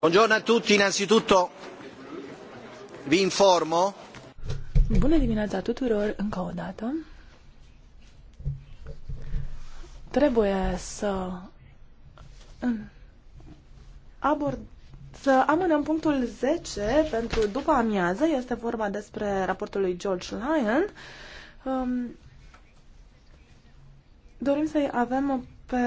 Buongiorno a tutti, innanzitutto vi informo. Bună dimineața tuturor, încă o dată. Trebuie să abord să amânăm punctul 10 pentru după amiază. Este vorba despre raportul lui George Lyon. Um, dorim să avem pe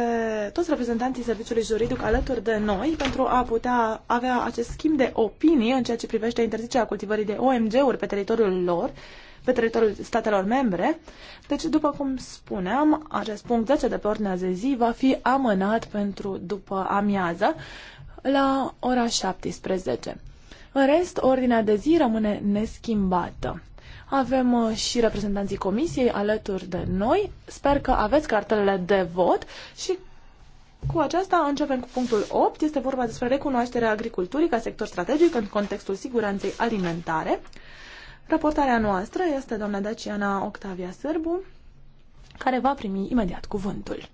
toți reprezentanții serviciului juridic alături de noi pentru a putea avea acest schimb de opinii în ceea ce privește interzicerea cultivării de OMG-uri pe teritoriul lor, pe teritoriul statelor membre. Deci, după cum spuneam, acest punct 10 de pe ordinea de zi va fi amânat pentru după amiază la ora 17. În rest, ordinea de zi rămâne neschimbată. Avem uh, și reprezentanții comisiei alături de noi. Sper că aveți cartelele de vot și cu aceasta începem cu punctul 8. Este vorba despre recunoașterea agriculturii ca sector strategic în contextul siguranței alimentare. Raportarea noastră este doamna Daciana Octavia Sârbu, care va primi imediat cuvântul.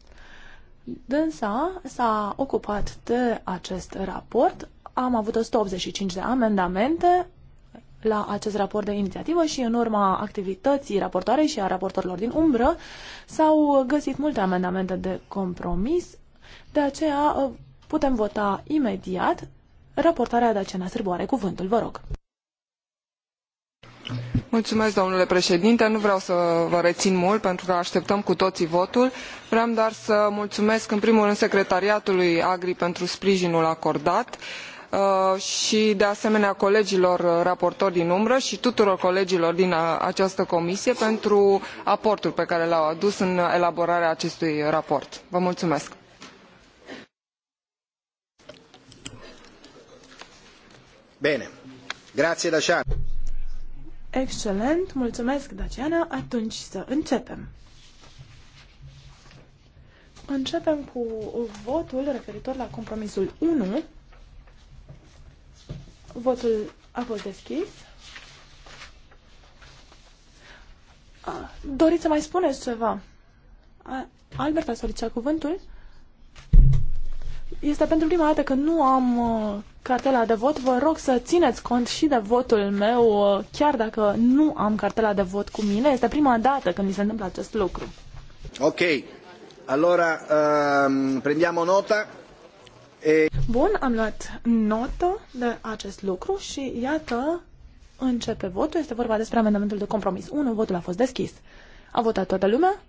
Dânsa s-a ocupat de acest raport. Am avut 185 de amendamente la acest raport de inițiativă și în urma activității raportoare și a raportorilor din umbră s-au găsit multe amendamente de compromis, de aceea uh, putem vota imediat raportarea Dacena Sârboare. Cuvântul, vă rog. Mulțumesc, domnule președinte. Nu vreau să vă rețin mult, pentru că așteptăm cu toții votul. Vreau doar să mulțumesc, în primul rând, secretariatului Agri pentru sprijinul acordat. Uh, Uh, și de asemenea colegilor uh, raportori din umbră și tuturor colegilor din uh, această comisie pentru aportul pe care l au adus în elaborarea acestui raport. Vă mulțumesc! Bine. Grazie, Daciana. Excelent, mulțumesc, Daciana. Atunci să începem. Începem cu votul referitor la compromisul 1. Votul a fost deschis. Doriți să mai spuneți ceva? Albert a solicitat cuvântul. Este pentru prima dată că nu am uh, cartela de vot. Vă rog să țineți cont și de votul meu, uh, chiar dacă nu am cartela de vot cu mine. Este prima dată când mi se întâmplă acest lucru. Ok. Allora, um, prendiamo nota. Bun, am luat notă de acest lucru și iată, începe votul. Este vorba despre amendamentul de compromis 1. Votul a fost deschis. A votat toată lumea?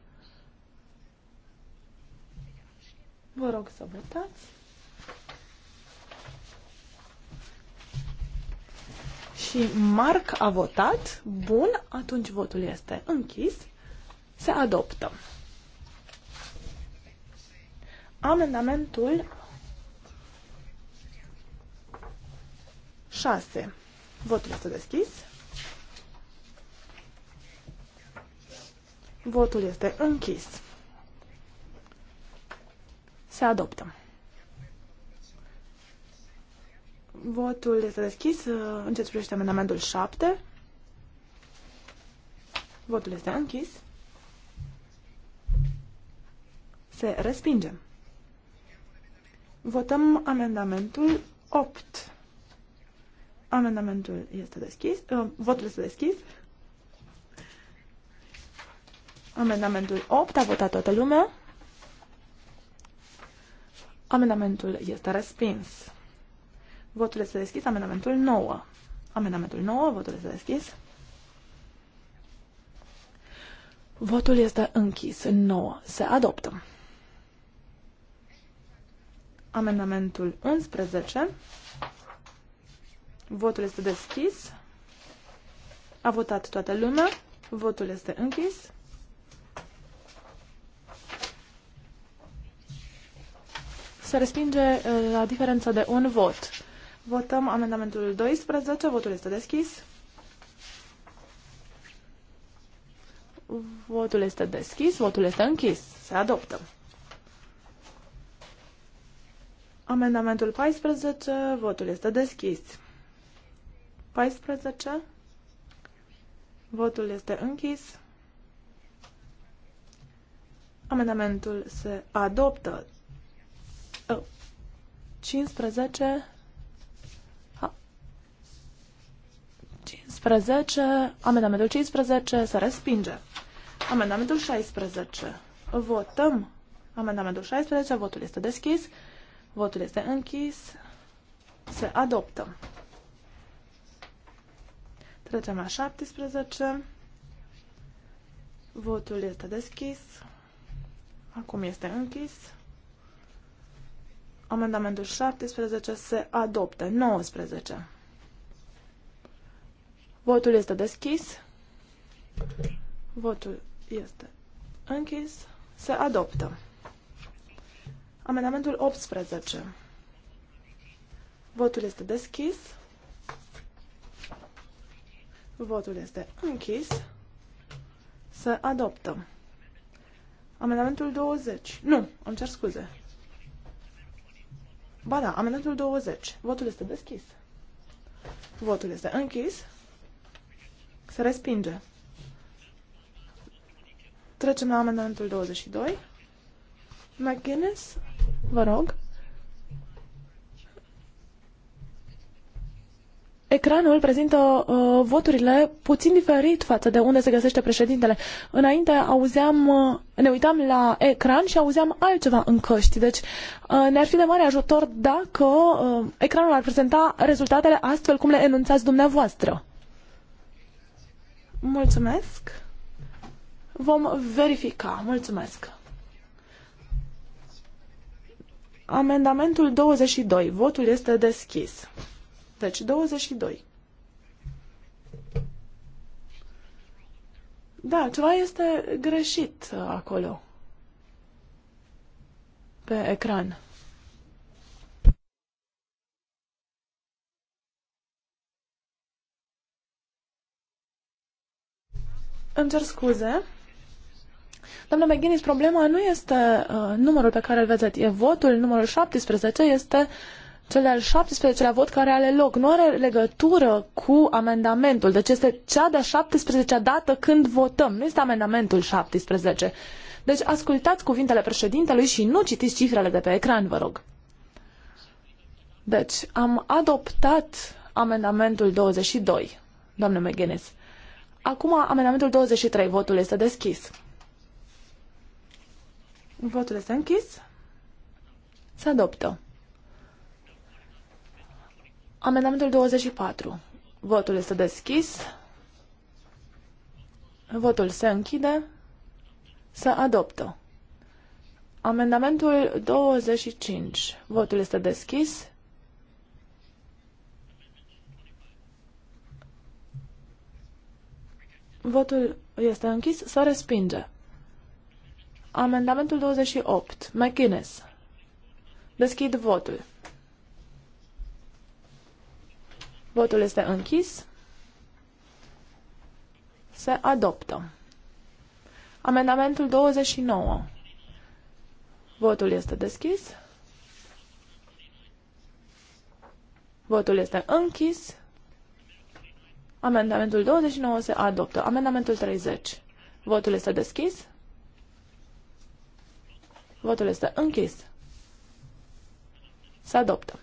Vă rog să votați. Și Marc a votat. Bun, atunci votul este închis. Se adoptă. Amendamentul 6. Votul este deschis. Votul este închis. Se adoptă. Votul este deschis uh, în ce privește amendamentul 7. Votul este închis. Se respinge. Votăm amendamentul 8. Amendamentul este deschis. Uh, votul este deschis. Amendamentul 8 a votat toată lumea. Amendamentul este respins. Votul este deschis. Amendamentul 9. Amendamentul 9. Votul este deschis. Votul este închis. 9. Se adoptă. Amendamentul 11. Votul este deschis. A votat toată lumea. Votul este închis. Se respinge uh, la diferență de un vot. Votăm amendamentul 12. Votul este deschis. Votul este deschis. Votul este închis. Se adoptă. Amendamentul 14. Votul este deschis. 14. Votul este închis. Amendamentul se adoptă. 15. 15. Amendamentul 15 se respinge. Amendamentul 16. Votăm amendamentul 16. Votul este deschis. Votul este închis. Se adoptă. Trecem la 17. Votul este deschis. Acum este închis. Amendamentul 17 se adoptă. 19. Votul este deschis. Votul este închis. Se adoptă. Amendamentul 18. Votul este deschis. Votul este închis. Să adoptăm. Amendamentul 20. Nu, îmi cer scuze. Ba da, amendamentul 20. Votul este deschis. Votul este închis. Se respinge. Trecem la amendamentul 22. McGuinness, vă rog. ecranul prezintă uh, voturile puțin diferit față de unde se găsește președintele. Înainte auzeam, uh, ne uitam la ecran și auzeam altceva în căști. Deci uh, ne-ar fi de mare ajutor dacă uh, ecranul ar prezenta rezultatele astfel cum le enunțați dumneavoastră. Mulțumesc. Vom verifica. Mulțumesc. Amendamentul 22. Votul este deschis. Deci 22. Da, ceva este greșit uh, acolo. Pe ecran. Îmi cer scuze. Doamna McGinnis, problema nu este uh, numărul pe care îl vedeți, e votul, numărul 17 este uh, cel de-al 17-lea vot care are loc nu are legătură cu amendamentul. Deci este cea de-a 17-a dată când votăm. Nu este amendamentul 17. Deci ascultați cuvintele președintelui și nu citiți cifrele de pe ecran, vă rog. Deci, am adoptat amendamentul 22, doamne McGuinness. Acum, amendamentul 23, votul este deschis. Votul este închis. Se adoptă. Amendamentul 24. Votul este deschis. Votul se închide. Se adoptă. Amendamentul 25. Votul este deschis. Votul este închis. Se respinge. Amendamentul 28. McInnes. Deschid votul. Votul este închis. Se adoptă. Amendamentul 29. Votul este deschis. Votul este închis. Amendamentul 29 se adoptă. Amendamentul 30. Votul este deschis. Votul este închis. Se adoptă.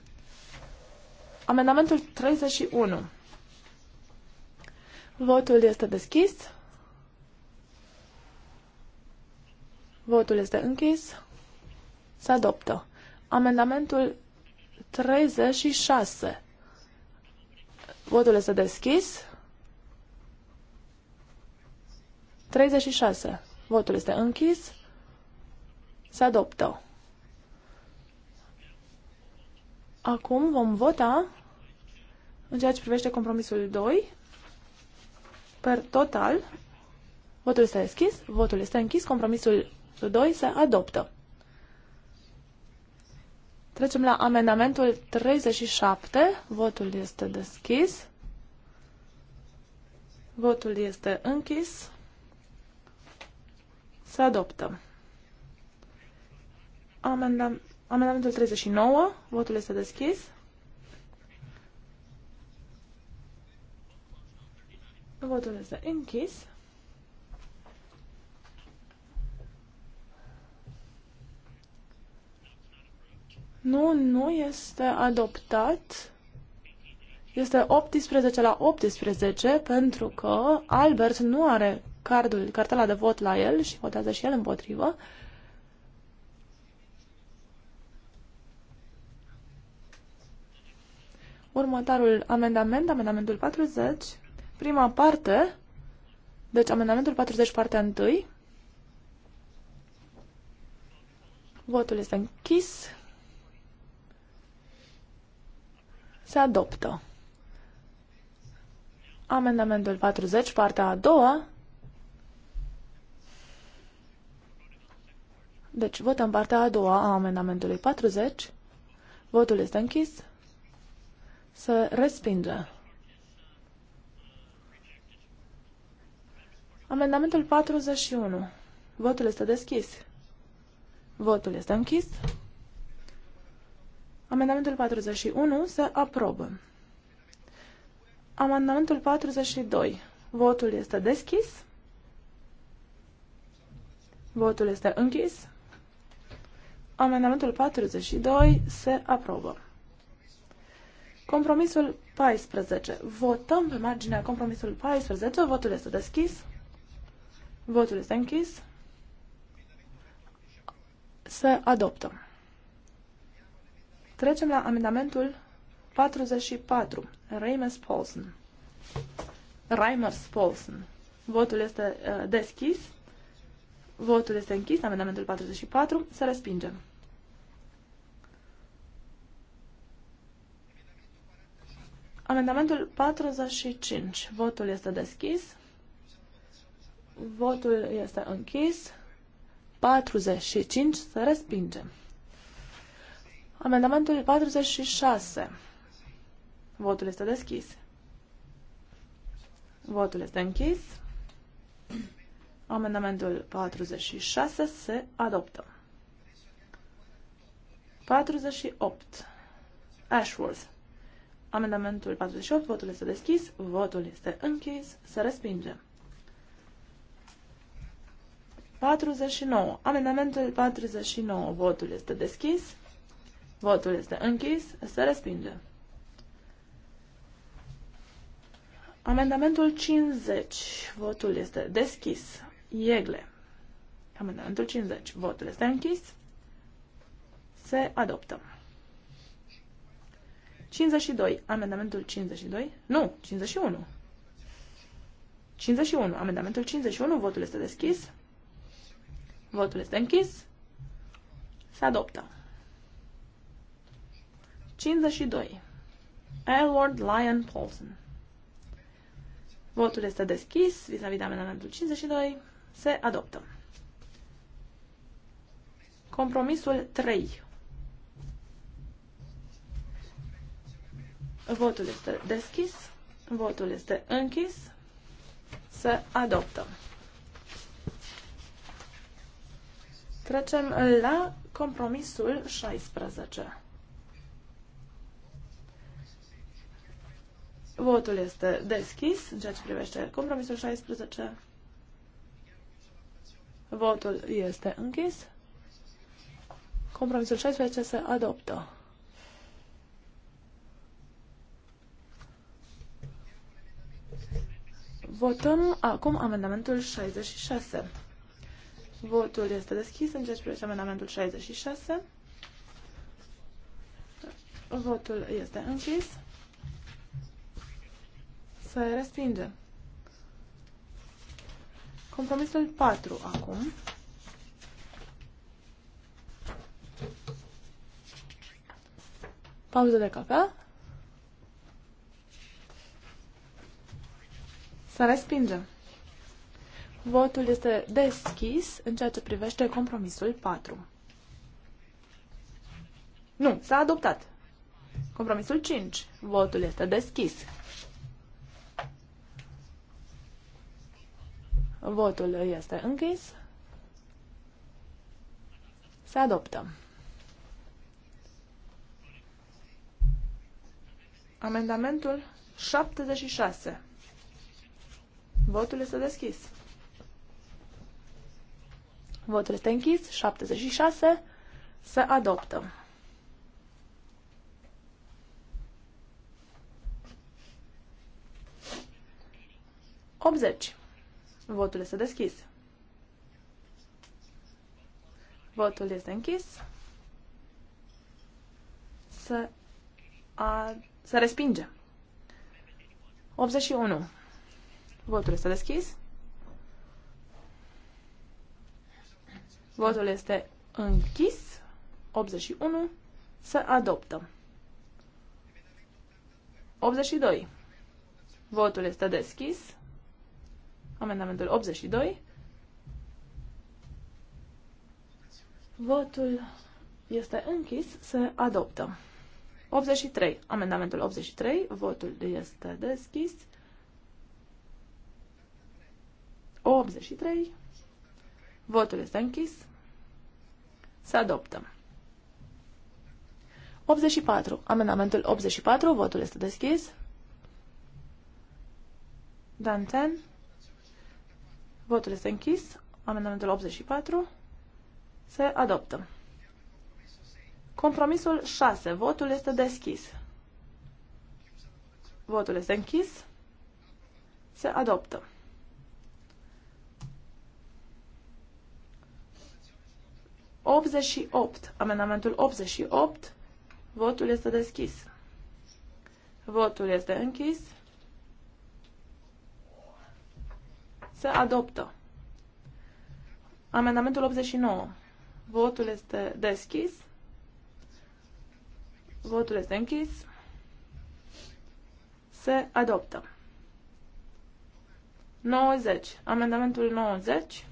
Amendamentul 31. Votul este deschis. Votul este închis. Se adoptă. Amendamentul 36. Votul este deschis. 36. Votul este închis. Se adoptă. Acum vom vota în ceea ce privește compromisul 2 per total. Votul este deschis, votul este închis, compromisul 2 se adoptă. Trecem la amendamentul 37. Votul este deschis. Votul este închis. Se adoptă. Amendam Amendamentul 39, votul este deschis. Votul este închis. Nu, nu este adoptat. Este 18 la 18 pentru că Albert nu are cardul, cartela de vot la el și votează și el împotrivă. Următorul amendament, amendamentul 40, prima parte, deci amendamentul 40, partea 1. Votul este închis. Se adoptă. Amendamentul 40, partea a doua. Deci votăm partea a doua a amendamentului 40. Votul este închis se respinge. Amendamentul 41. Votul este deschis. Votul este închis. Amendamentul 41 se aprobă. Amendamentul 42. Votul este deschis. Votul este închis. Amendamentul 42 se aprobă. Compromisul 14. Votăm pe marginea compromisului 14. Votul este deschis. Votul este închis. Se adoptă. Trecem la amendamentul 44. Reimers Paulsen. Reimers Paulsen. Votul este uh, deschis. Votul este închis. Amendamentul 44. Se respinge. Amendamentul 45. Votul este deschis. Votul este închis. 45. Se respinge. Amendamentul 46. Votul este deschis. Votul este închis. Amendamentul 46 se adoptă. 48. Ashworth. Amendamentul 48, votul este deschis, votul este închis, se respinge. 49. Amendamentul 49, votul este deschis, votul este închis, se respinge. Amendamentul 50, votul este deschis, iegle. Amendamentul 50, votul este închis, se adoptă. 52. Amendamentul 52? Nu, 51. 51. Amendamentul 51. Votul este deschis. Votul este închis. Se adoptă. 52. Edward Lyon Paulson. Votul este deschis vis-a-vis -vis de amendamentul 52. Se adoptă. Compromisul 3. Votul este deschis. Votul este închis. Se adoptă. Trecem la compromisul 16. Votul este deschis în ceea ce privește compromisul 16. Votul este închis. Compromisul 16 se adoptă. Votăm acum amendamentul 66. Votul este deschis în ceea ce privește amendamentul 66. Votul este închis. Se respinge. Compromisul 4 acum. Pauză de cafea. Să respingem. Votul este deschis în ceea ce privește compromisul 4. Nu, s-a adoptat. Compromisul 5. Votul este deschis. Votul este închis. Se adoptă. Amendamentul 76. Votul este deschis. Votul este închis. 76. Se adoptă. Optzeci. Votul este deschis. Votul este închis. Se, a, se respinge. 81. Votul este deschis. Votul este închis. 81. Să adoptăm. 82. Votul este deschis. Amendamentul 82. Votul este închis. Să adoptăm. 83. Amendamentul 83. Votul este deschis. 83. Votul este închis. Se adoptă. 84. Amendamentul 84. Votul este deschis. Danten. Votul este închis. Amendamentul 84. Se adoptă. Compromisul 6. Votul este deschis. Votul este închis. Se adoptă. 88. Amendamentul 88. Votul este deschis. Votul este închis. Se adoptă. Amendamentul 89. Votul este deschis. Votul este închis. Se adoptă. 90. Amendamentul 90.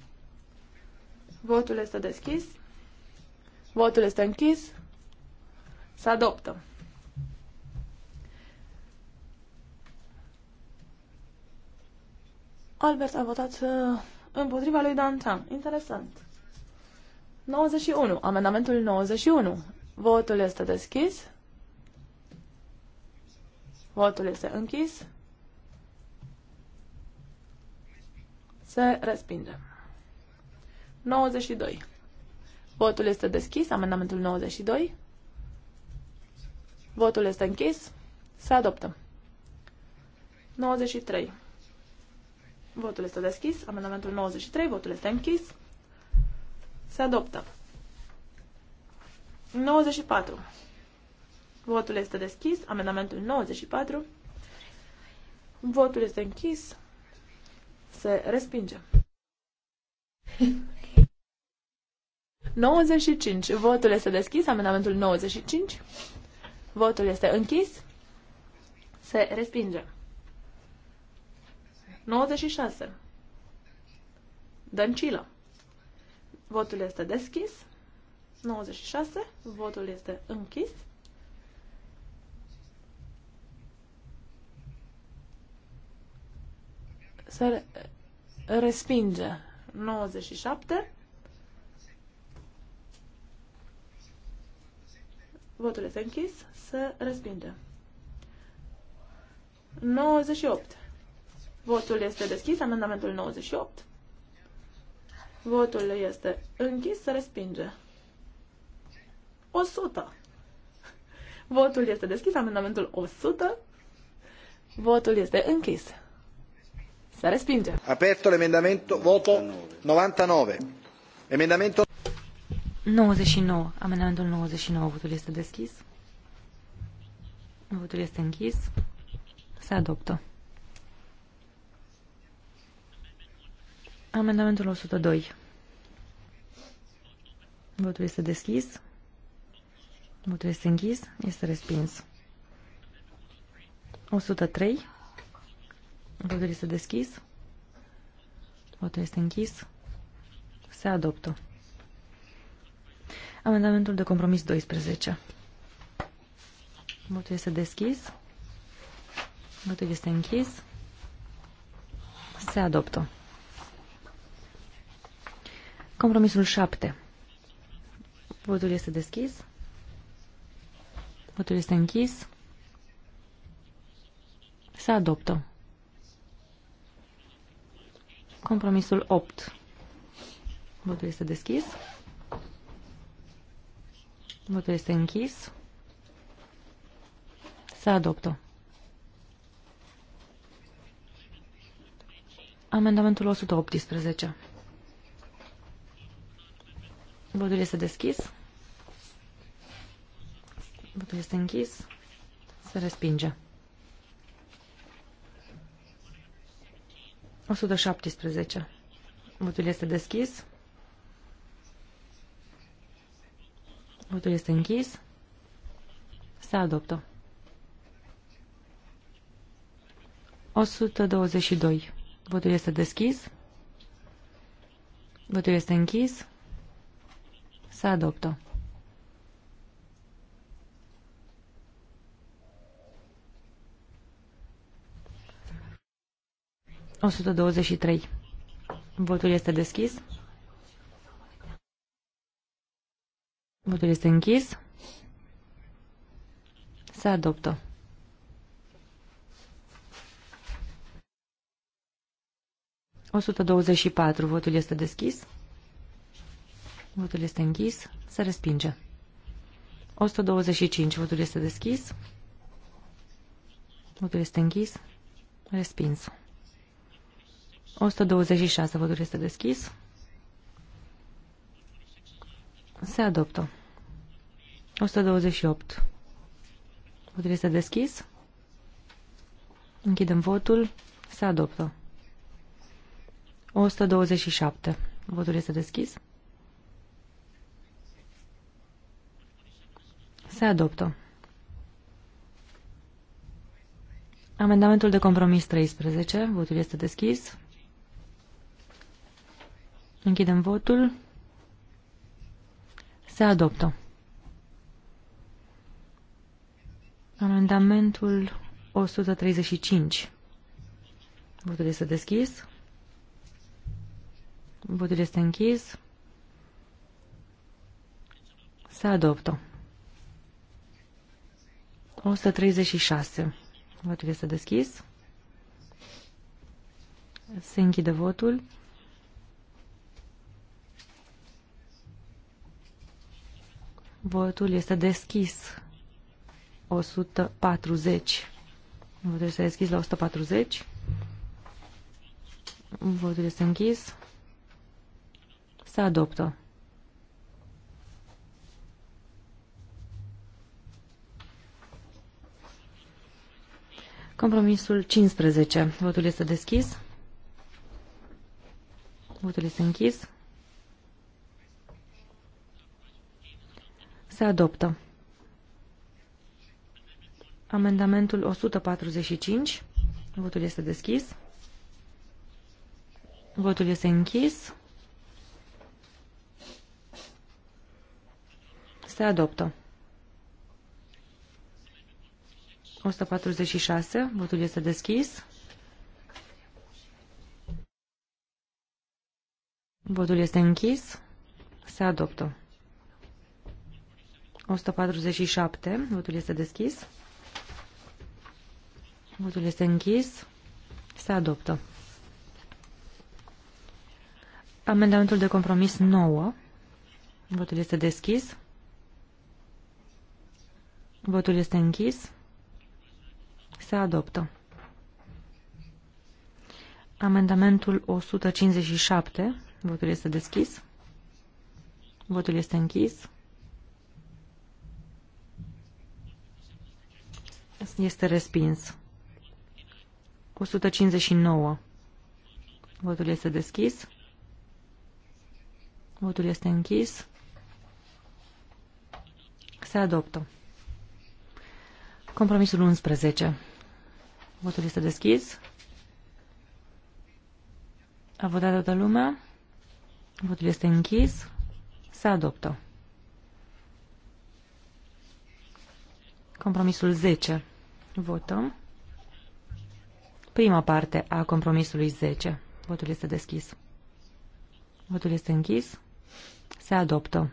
Votul este deschis. Votul este închis. Se adoptă. Albert a votat uh, împotriva lui Dantan. Interesant. 91. Amendamentul 91. Votul este deschis. Votul este închis. Se respinge. 92. Votul este deschis, amendamentul 92. Votul este închis. Se adoptă. 93. Votul este deschis. Amendamentul 93. Votul este închis. Se adoptă. 94. Votul este deschis. Amendamentul 94. Votul este închis. Se respinge. 95. Votul este deschis. Amendamentul 95. Votul este închis. Se respinge. 96. Dăncilă. Votul este deschis. 96. Votul este închis. Se respinge. 97. Votul este închis. Se respinde. 98. Votul este deschis. Amendamentul 98. Votul este închis. Se respinge. 100. Votul este deschis. Amendamentul 100. Votul este închis. Se respinge. Aperto l'emendamento. Voto 99. Emendamento 99. Amendamentul 99. Votul este deschis. Votul este închis. Se adoptă. Amendamentul 102. Votul este deschis. Votul este închis. Este respins. 103. Votul este deschis. Votul este închis. Se adoptă. Amendamentul de compromis 12. Votul este deschis. Votul este închis. Se adoptă. Compromisul 7. Votul este deschis. Votul este închis. Se adoptă. Compromisul 8. Votul este deschis. Votul este închis. Se adoptă. Amendamentul 118. Votul este deschis. Votul este închis. Se respinge. 117. Votul este deschis. Votul este închis. Se adoptă. 122. Votul este deschis. Votul este închis. Se adoptă. 123. Votul este deschis. Votul este închis. Se adoptă. O 124. Votul este deschis. Votul este închis. Se respinge. 125. Votul este deschis. Votul este închis. Respins. 126. Votul este deschis. Se adoptă. 128. Votul este deschis. Închidem votul. Se adoptă. 127. Votul este deschis. Se adoptă. Amendamentul de compromis 13. Votul este deschis. Închidem votul. Se adoptă. Amendamentul 135. Votul este deschis. Votul este închis. Se adoptă. 136. Votul este deschis. Se închide votul. Votul este deschis. 140. Votul este deschis la 140. Votul este închis. Se adoptă. Compromisul 15. Votul este deschis. Votul este închis. Se adoptă. Amendamentul 145. Votul este deschis. Votul este închis. Se adoptă. 146. Votul este deschis. Votul este închis. Se adoptă. 147. Votul este deschis. Votul este închis. Se adoptă. Amendamentul de compromis 9. Votul este deschis. Votul este închis. Se adoptă. Amendamentul 157. Votul este deschis. Votul este închis. Este respins. 159. Votul este deschis. Votul este închis. Se adoptă. Compromisul 11. Votul este deschis. A votat toată lumea. Votul este închis. Se adoptă. Compromisul 10. Votăm. Prima parte a compromisului 10. Votul este deschis. Votul este închis. Se adoptă.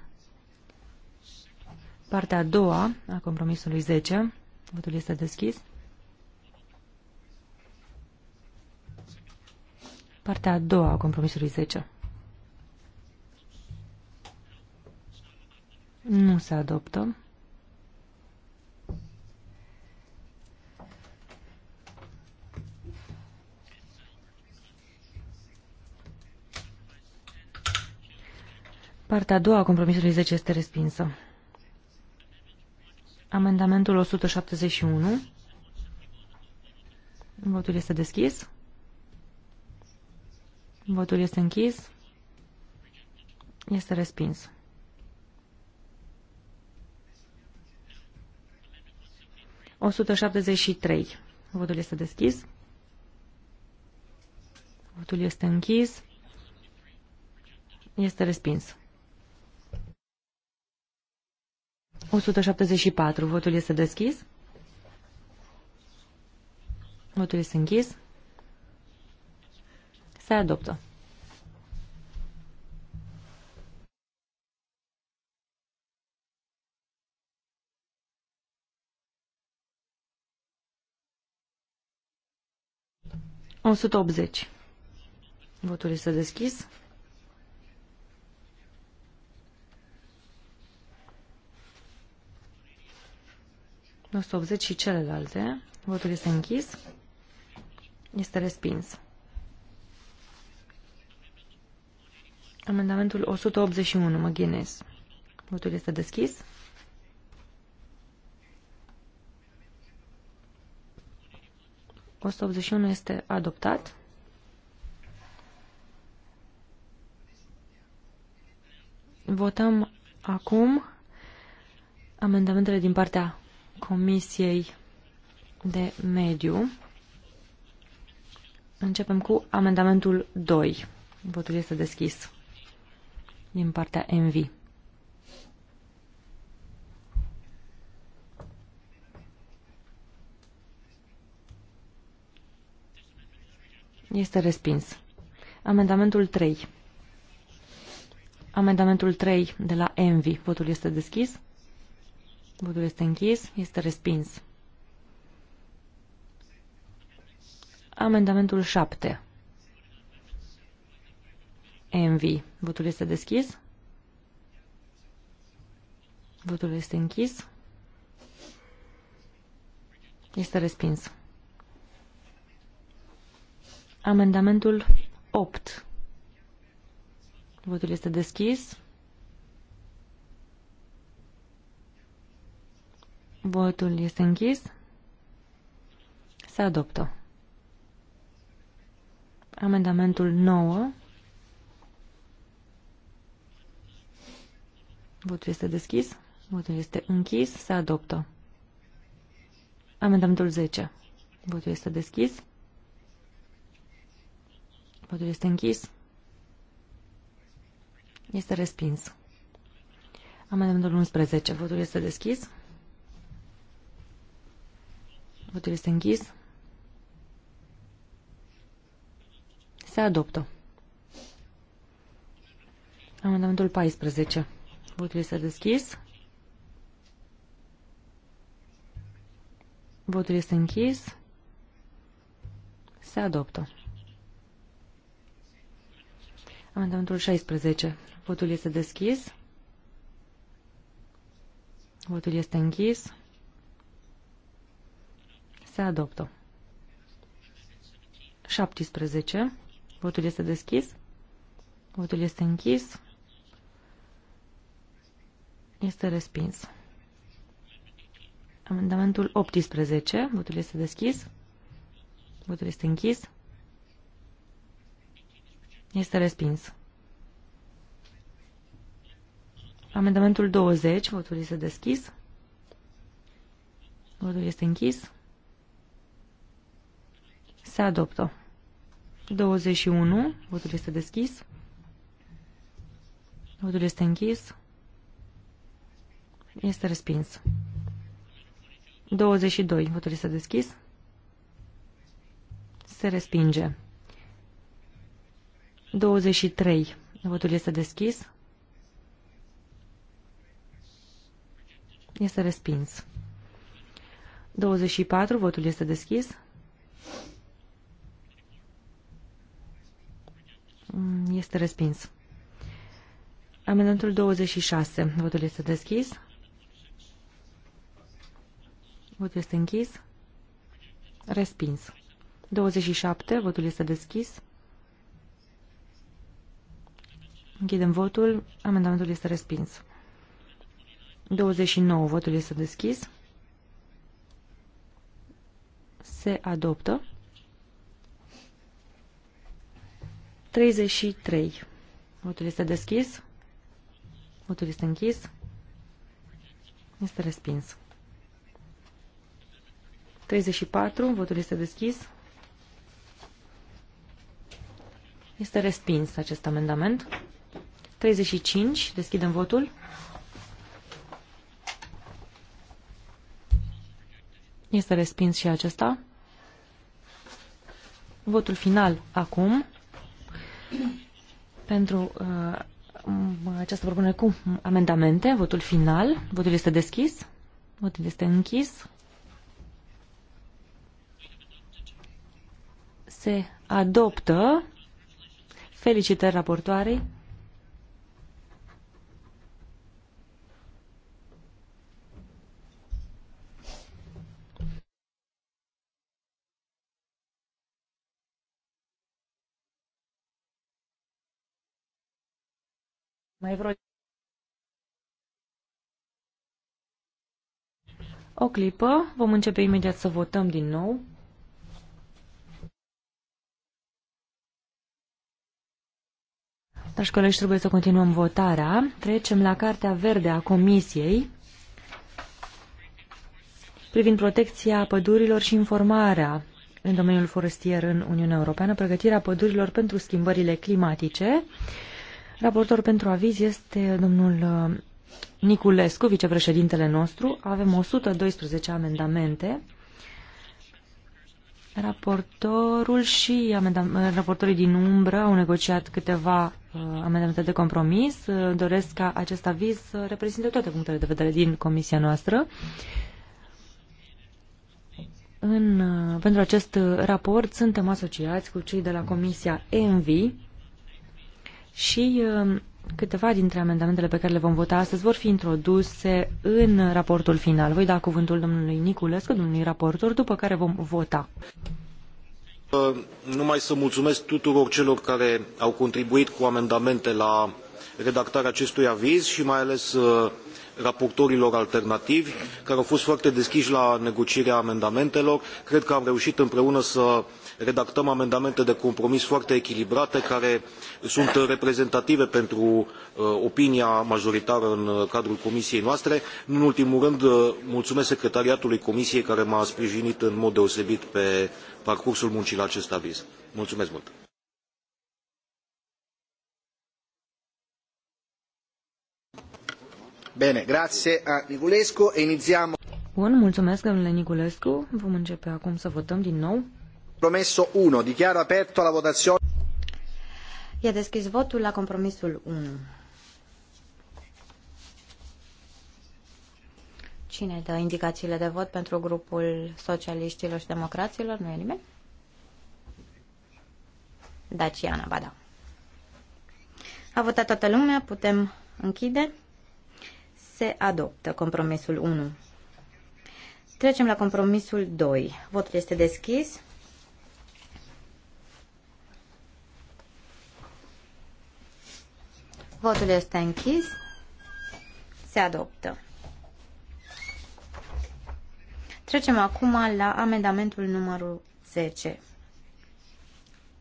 Partea a doua a compromisului 10. Votul este deschis. Partea a doua a compromisului 10. Nu se adoptă. Partea a doua a compromisului 10 este respinsă. Amendamentul 171. Votul este deschis. Votul este închis. Este respins. O 173. Votul este deschis. Votul este închis. Este respins. 174. Votul este deschis. Votul este închis. Se adoptă. O 180. Votul este deschis. 280 și celelalte. Votul este închis. Este respins. Amendamentul 181, mă ghinez. Votul este deschis. unu este adoptat. Votăm acum amendamentele din partea Comisiei de Mediu. Începem cu amendamentul 2. Votul este deschis din partea MV. Este respins. Amendamentul 3. Amendamentul 3 de la Envi. Votul este deschis. Votul este închis. Este respins. Amendamentul 7. Envi. Votul este deschis. Votul este închis. Este respins. Amendamentul 8. Votul este deschis. Votul este închis. Se adoptă. Amendamentul 9. Votul este deschis. Votul este închis. Se adoptă. Amendamentul 10. Votul este deschis. Votul este închis. Este respins. Amendamentul 11. Votul este deschis. Votul este închis. Se adoptă. Amendamentul 14. Votul este deschis. Votul este închis. Se adoptă. Amendamentul 16. Votul este deschis. Votul este închis. Se adoptă. 17. Votul este deschis. Votul este închis. Este respins. Amendamentul 18. Votul este deschis. Votul este închis. Este respins. Amendamentul 20. Votul este deschis. Votul este închis. Se adoptă. 21. Votul este deschis. Votul este închis. Este respins. 22. Votul este deschis. Se respinge. 23. Votul este deschis. Este respins. 24. Votul este deschis. Mm, este respins. Amendamentul 26. Votul este deschis. Votul este închis. Respins. 27. Votul este deschis. Închidem votul. Amendamentul este respins. 29. Votul este deschis. Se adoptă. 33. Votul este deschis. Votul este închis. Este respins. 34. Votul este deschis. Este respins acest amendament. 35. Deschidem votul. Este respins și acesta. Votul final acum pentru uh, această propunere cu amendamente. Votul final. Votul este deschis. Votul este închis. Se adoptă. Felicitări raportoarei. mai vreo O clipă, vom începe imediat să votăm din nou. Dragi colegi, trebuie să continuăm votarea. Trecem la Cartea Verde a Comisiei privind protecția pădurilor și informarea în domeniul forestier în Uniunea Europeană, pregătirea pădurilor pentru schimbările climatice. Raportor pentru aviz este domnul uh, Niculescu, vicepreședintele nostru. Avem 112 amendamente. Raportorul și uh, raportorii din umbră au negociat câteva uh, amendamente de compromis. Uh, doresc ca acest aviz să reprezinte toate punctele de vedere din comisia noastră. În, uh, pentru acest uh, raport suntem asociați cu cei de la comisia ENVI, și um, câteva dintre amendamentele pe care le vom vota astăzi vor fi introduse în raportul final. Voi da cuvântul domnului Niculescu, domnului raportor, după care vom vota. Numai să mulțumesc tuturor celor care au contribuit cu amendamente la redactarea acestui aviz și mai ales uh, raportorilor alternativi care au fost foarte deschiși la negocierea amendamentelor. Cred că am reușit împreună să redactăm amendamente de compromis foarte echilibrate care sunt reprezentative pentru uh, opinia majoritară în uh, cadrul comisiei noastre. Nu în ultimul rând, uh, mulțumesc secretariatului comisiei care m-a sprijinit în mod deosebit pe parcursul muncii la acest aviz. Mulțumesc mult! Bine, grazie a Niculescu. Iniziamo. Bun, mulțumesc, domnule Niculescu. Vom începe acum să votăm din nou. Compromesso 1. Dichiaro aperto la votazione. E deschis votul la compromisul 1. Cine dă indicațiile de vot pentru grupul socialiștilor și democraților? Nu e nimeni? Daciana, ba da. A votat toată lumea, putem închide. Se adoptă compromisul 1. Trecem la compromisul 2. Votul este deschis. Votul este închis. Se adoptă. Trecem acum la amendamentul numărul 10.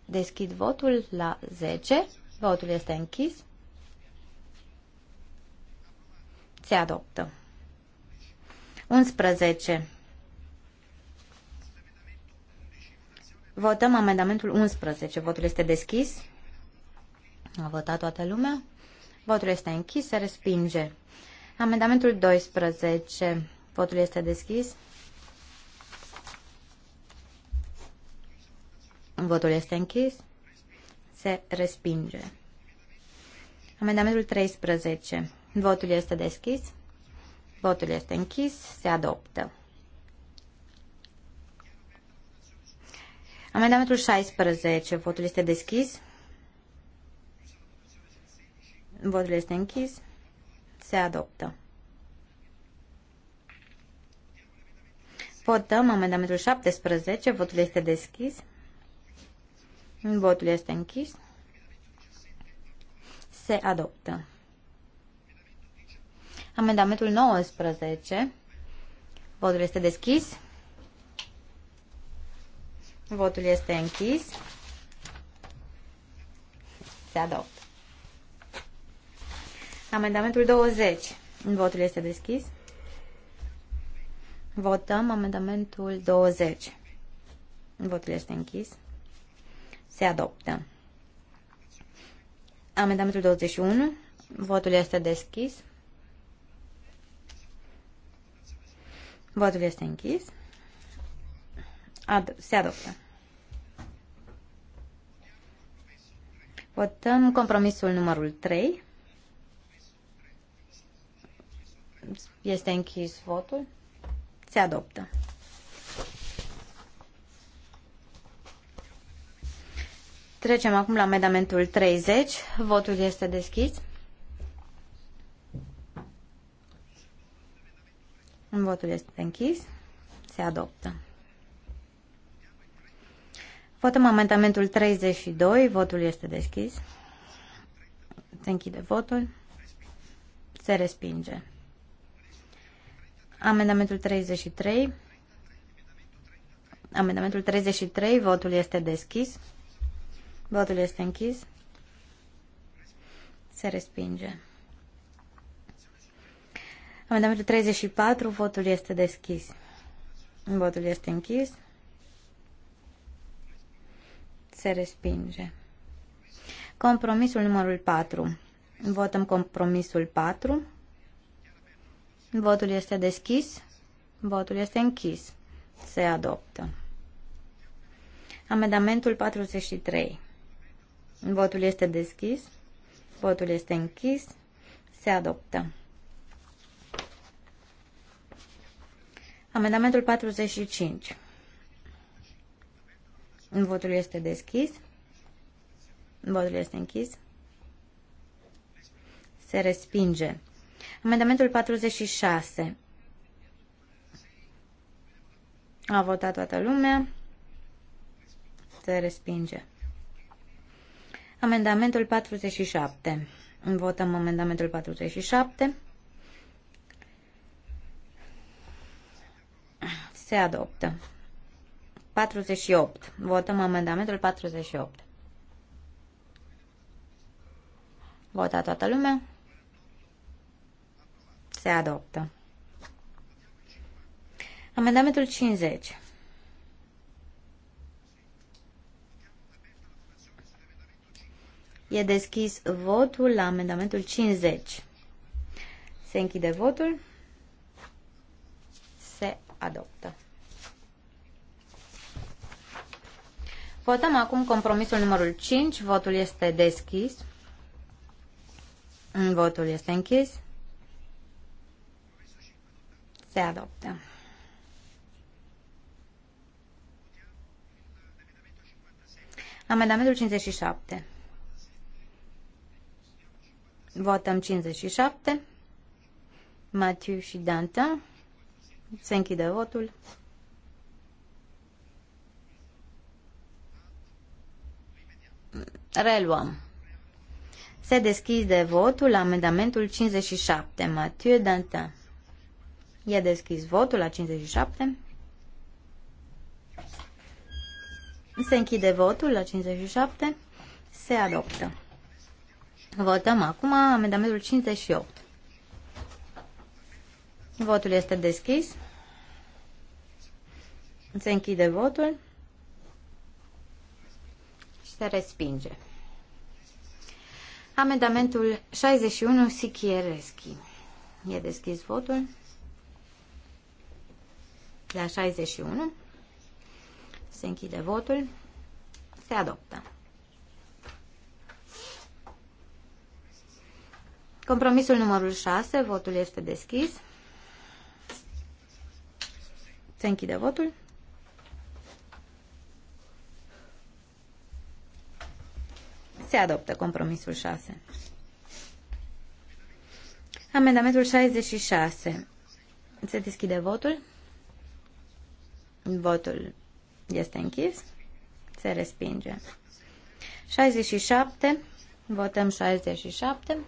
Deschid votul la 10. Votul este închis. Se adoptă. 11. Votăm amendamentul 11. Votul este deschis. A votat toată lumea. Votul este închis, se respinge. Amendamentul 12. Votul este deschis. Votul este închis. Se respinge. Amendamentul 13. Votul este deschis. Votul este închis. Se adoptă. Amendamentul 16. Votul este deschis. Votul este închis. Se adoptă. Votăm amendamentul 17. Votul este deschis. Votul este închis. Se adoptă. Amendamentul 19. Votul este deschis. Votul este închis. Se adoptă. Amendamentul 20. Votul este deschis. Votăm amendamentul 20. Votul este închis. Se adoptă. Amendamentul 21. Votul este deschis. Votul este închis. Ad se adoptă. Votăm compromisul numărul 3. Este închis votul. Se adoptă. Trecem acum la amendamentul 30. Votul este deschis. Votul este închis. Se adoptă. Votăm amendamentul 32. Votul este deschis. Se închide votul. Se respinge. Amendamentul 33. Amendamentul 33, votul este deschis. Votul este închis. Se respinge. Amendamentul 34, votul este deschis. Votul este închis. Se respinge. Compromisul numărul 4. Votăm compromisul 4. Votul este deschis. Votul este închis. Se adoptă. Amendamentul 43. Votul este deschis. Votul este închis. Se adoptă. Amendamentul 45. Votul este deschis. Votul este închis. Se respinge. Amendamentul 46. A votat toată lumea. Se respinge. Amendamentul 47. Votăm amendamentul 47. Se adoptă. 48. Votăm amendamentul 48. Vota toată lumea se adoptă. Amendamentul 50. E deschis votul la amendamentul 50. Se închide votul. Se adoptă. Votăm acum compromisul numărul 5. Votul este deschis. Votul este închis. Se adoptă. Amendamentul 57. Votăm 57. Matiu și Danta. Se închide votul. Reluăm. Se deschide votul la amendamentul 57. Mathieu Dantin. I-a deschis votul la 57. Se închide votul la 57. Se adoptă. Votăm acum amendamentul 58. Votul este deschis. Se închide votul. Și se respinge. Amendamentul 61 Sikiereschi. E deschis votul la 61. Se închide votul. Se adoptă. Compromisul numărul 6, votul este deschis. Se închide votul. Se adoptă compromisul 6. Amendamentul 66. Se deschide votul. Votul este închis. Se respinge. 67. Votăm 67.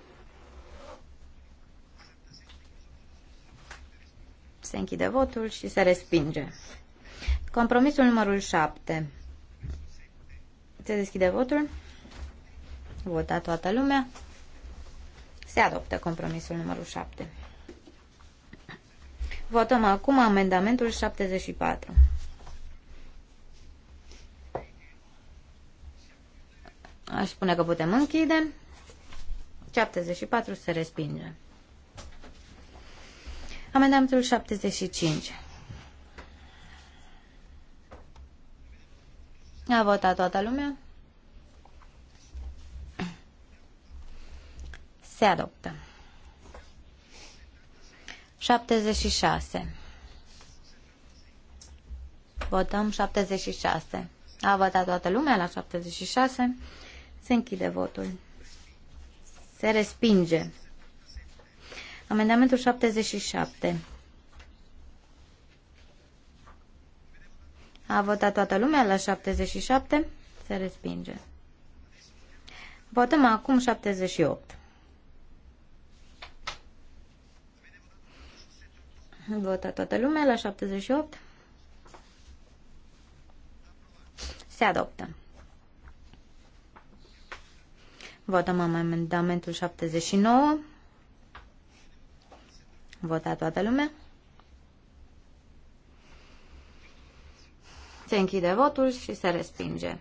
Se închide votul și se respinge. Compromisul numărul 7. Se deschide votul. Vota toată lumea. Se adoptă compromisul numărul 7. Votăm acum amendamentul 74. Aș spune că putem închide. 74 se respinge. Amendamentul 75. A votat toată lumea? Se adoptă. 76. Votăm 76. A votat toată lumea la 76. Se închide votul. Se respinge. Amendamentul 77. A votat toată lumea la 77. Se respinge. Votăm acum 78. Vota toată lumea la 78. Se adoptă. Votăm amendamentul 79. Vota toată lumea. Se închide votul și se respinge.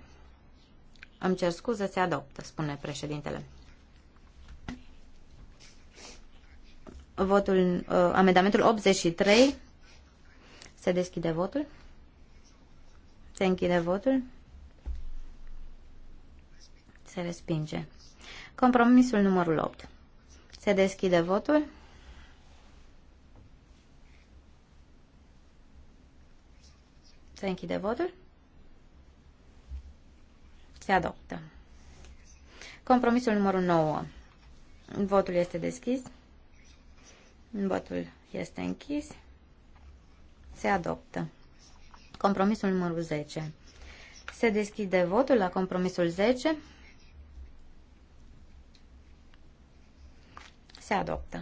Îmi cer scuze, se adoptă, spune președintele. Votul, uh, amendamentul 83. Se deschide votul. Se închide votul. Se respinge. Compromisul numărul 8. Se deschide votul. Se închide votul. Se adoptă. Compromisul numărul 9. Votul este deschis. Votul este închis. Se adoptă. Compromisul numărul 10. Se deschide votul la compromisul 10. se adoptă.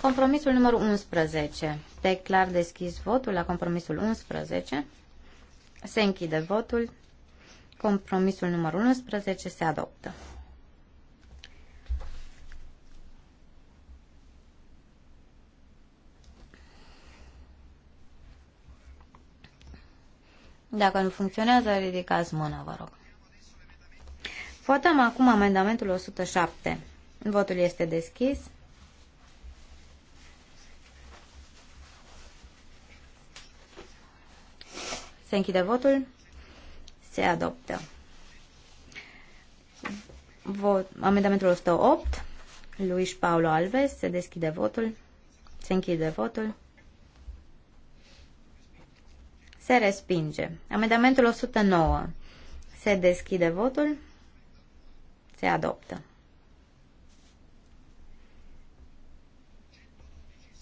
Compromisul numărul 11. Declar deschis votul la compromisul 11. Se închide votul. Compromisul numărul 11 se adoptă. Dacă nu funcționează, ridicați mâna, vă rog. Votăm acum amendamentul 107. Votul este deschis. Se închide votul. Se adoptă. Vot, amendamentul 108. Luis Paulo Alves. Se deschide votul. Se închide votul. Se respinge. Amendamentul 109. Se deschide votul. Se adoptă.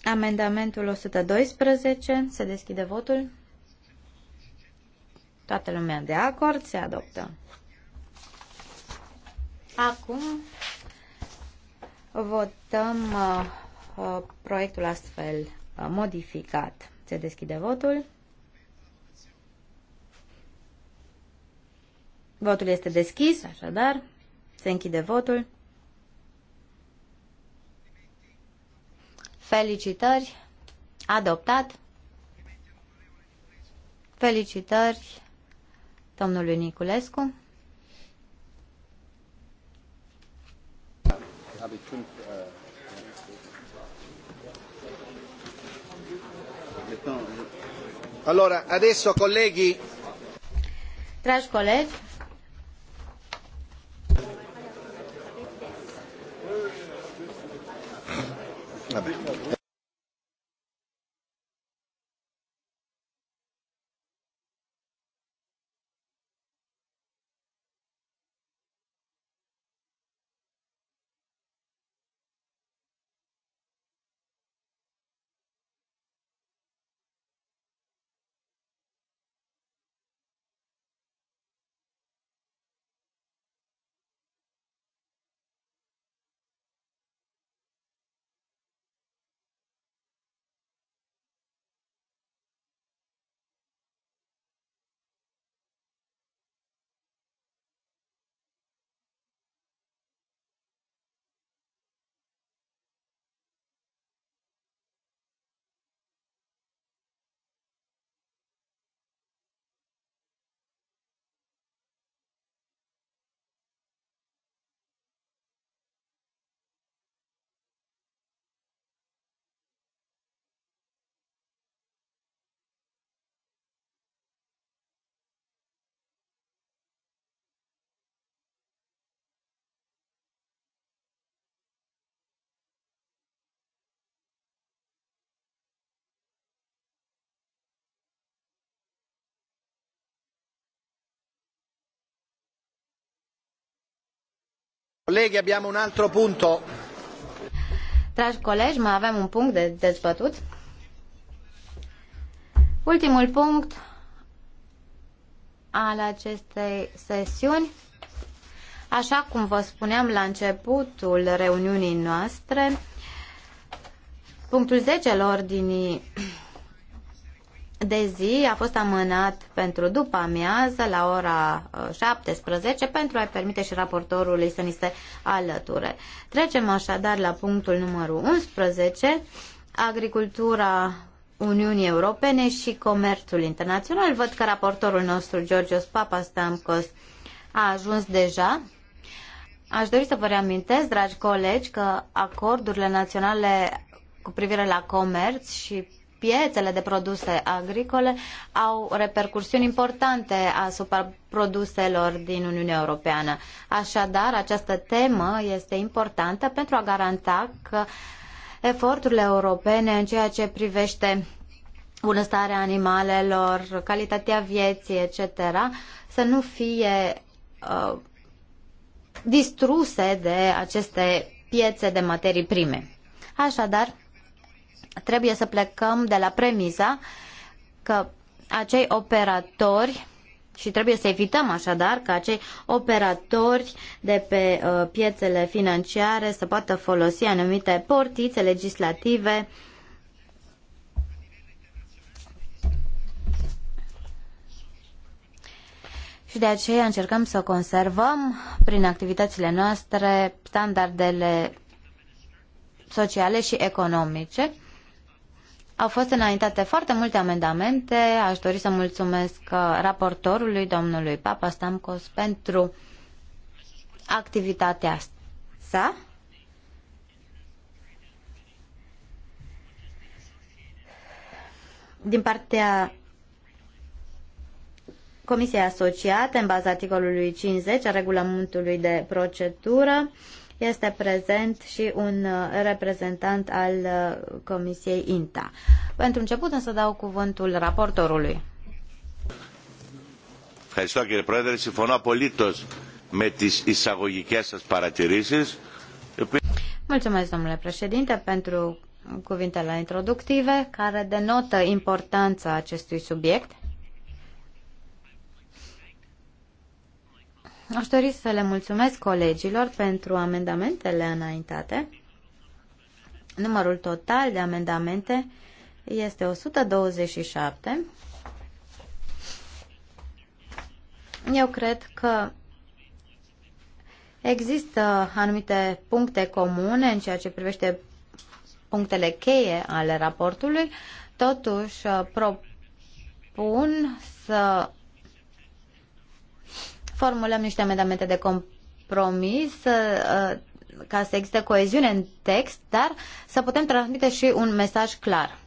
Amendamentul 112. Se deschide votul. Toată lumea de acord. Se adoptă. Acum votăm uh, uh proiectul astfel uh, modificat. Se deschide votul. Votul este deschis, așadar. Se închide votul. Felicitări. Adoptat. Felicitări domnului Niculescu. Allora, adesso colleghi. Dragi colegi, Vabbè. Colegi, abbiamo un altro punto. Dragi colegi, mai avem un punct de dezbătut. Ultimul punct al acestei sesiuni. Așa cum vă spuneam la începutul reuniunii noastre, punctul 10 al ordinii de zi a fost amânat pentru după amiază la ora 17 uh, pentru a-i permite și raportorului să ni se alăture. Trecem așadar la punctul numărul 11, agricultura Uniunii Europene și comerțul internațional. Văd că raportorul nostru, Georgios Papastamkos, a ajuns deja. Aș dori să vă reamintesc, dragi colegi, că acordurile naționale cu privire la comerț și piețele de produse agricole au repercursiuni importante asupra produselor din Uniunea Europeană. Așadar, această temă este importantă pentru a garanta că eforturile europene în ceea ce privește bunăstarea animalelor, calitatea vieții, etc., să nu fie uh, distruse de aceste piețe de materii prime. Așadar, trebuie să plecăm de la premisa că acei operatori și trebuie să evităm așadar că acei operatori de pe uh, piețele financiare să poată folosi anumite portițe legislative Și de aceea încercăm să conservăm prin activitățile noastre standardele sociale și economice au fost înaintate foarte multe amendamente. Aș dori să mulțumesc uh, raportorului, domnului Papa Stamcos, pentru activitatea sa. Din partea Comisiei Asociate, în baza articolului 50 a regulamentului de procedură, este prezent și un uh, reprezentant al uh, Comisiei INTA. Pentru început însă dau cuvântul raportorului. Ευχαριστώ κύριε Πρόεδρε. Συμφωνώ απολύτως με τις εισαγωγικές σας παρατηρήσεις. Mulțumesc, domnule președinte, pentru cuvintele introductive care denotă importanța acestui subiect. Aș dori să le mulțumesc colegilor pentru amendamentele înaintate. Numărul total de amendamente este 127. Eu cred că există anumite puncte comune în ceea ce privește punctele cheie ale raportului. Totuși, propun să formulăm niște amendamente de compromis uh, ca să existe coeziune în text, dar să putem transmite și un mesaj clar.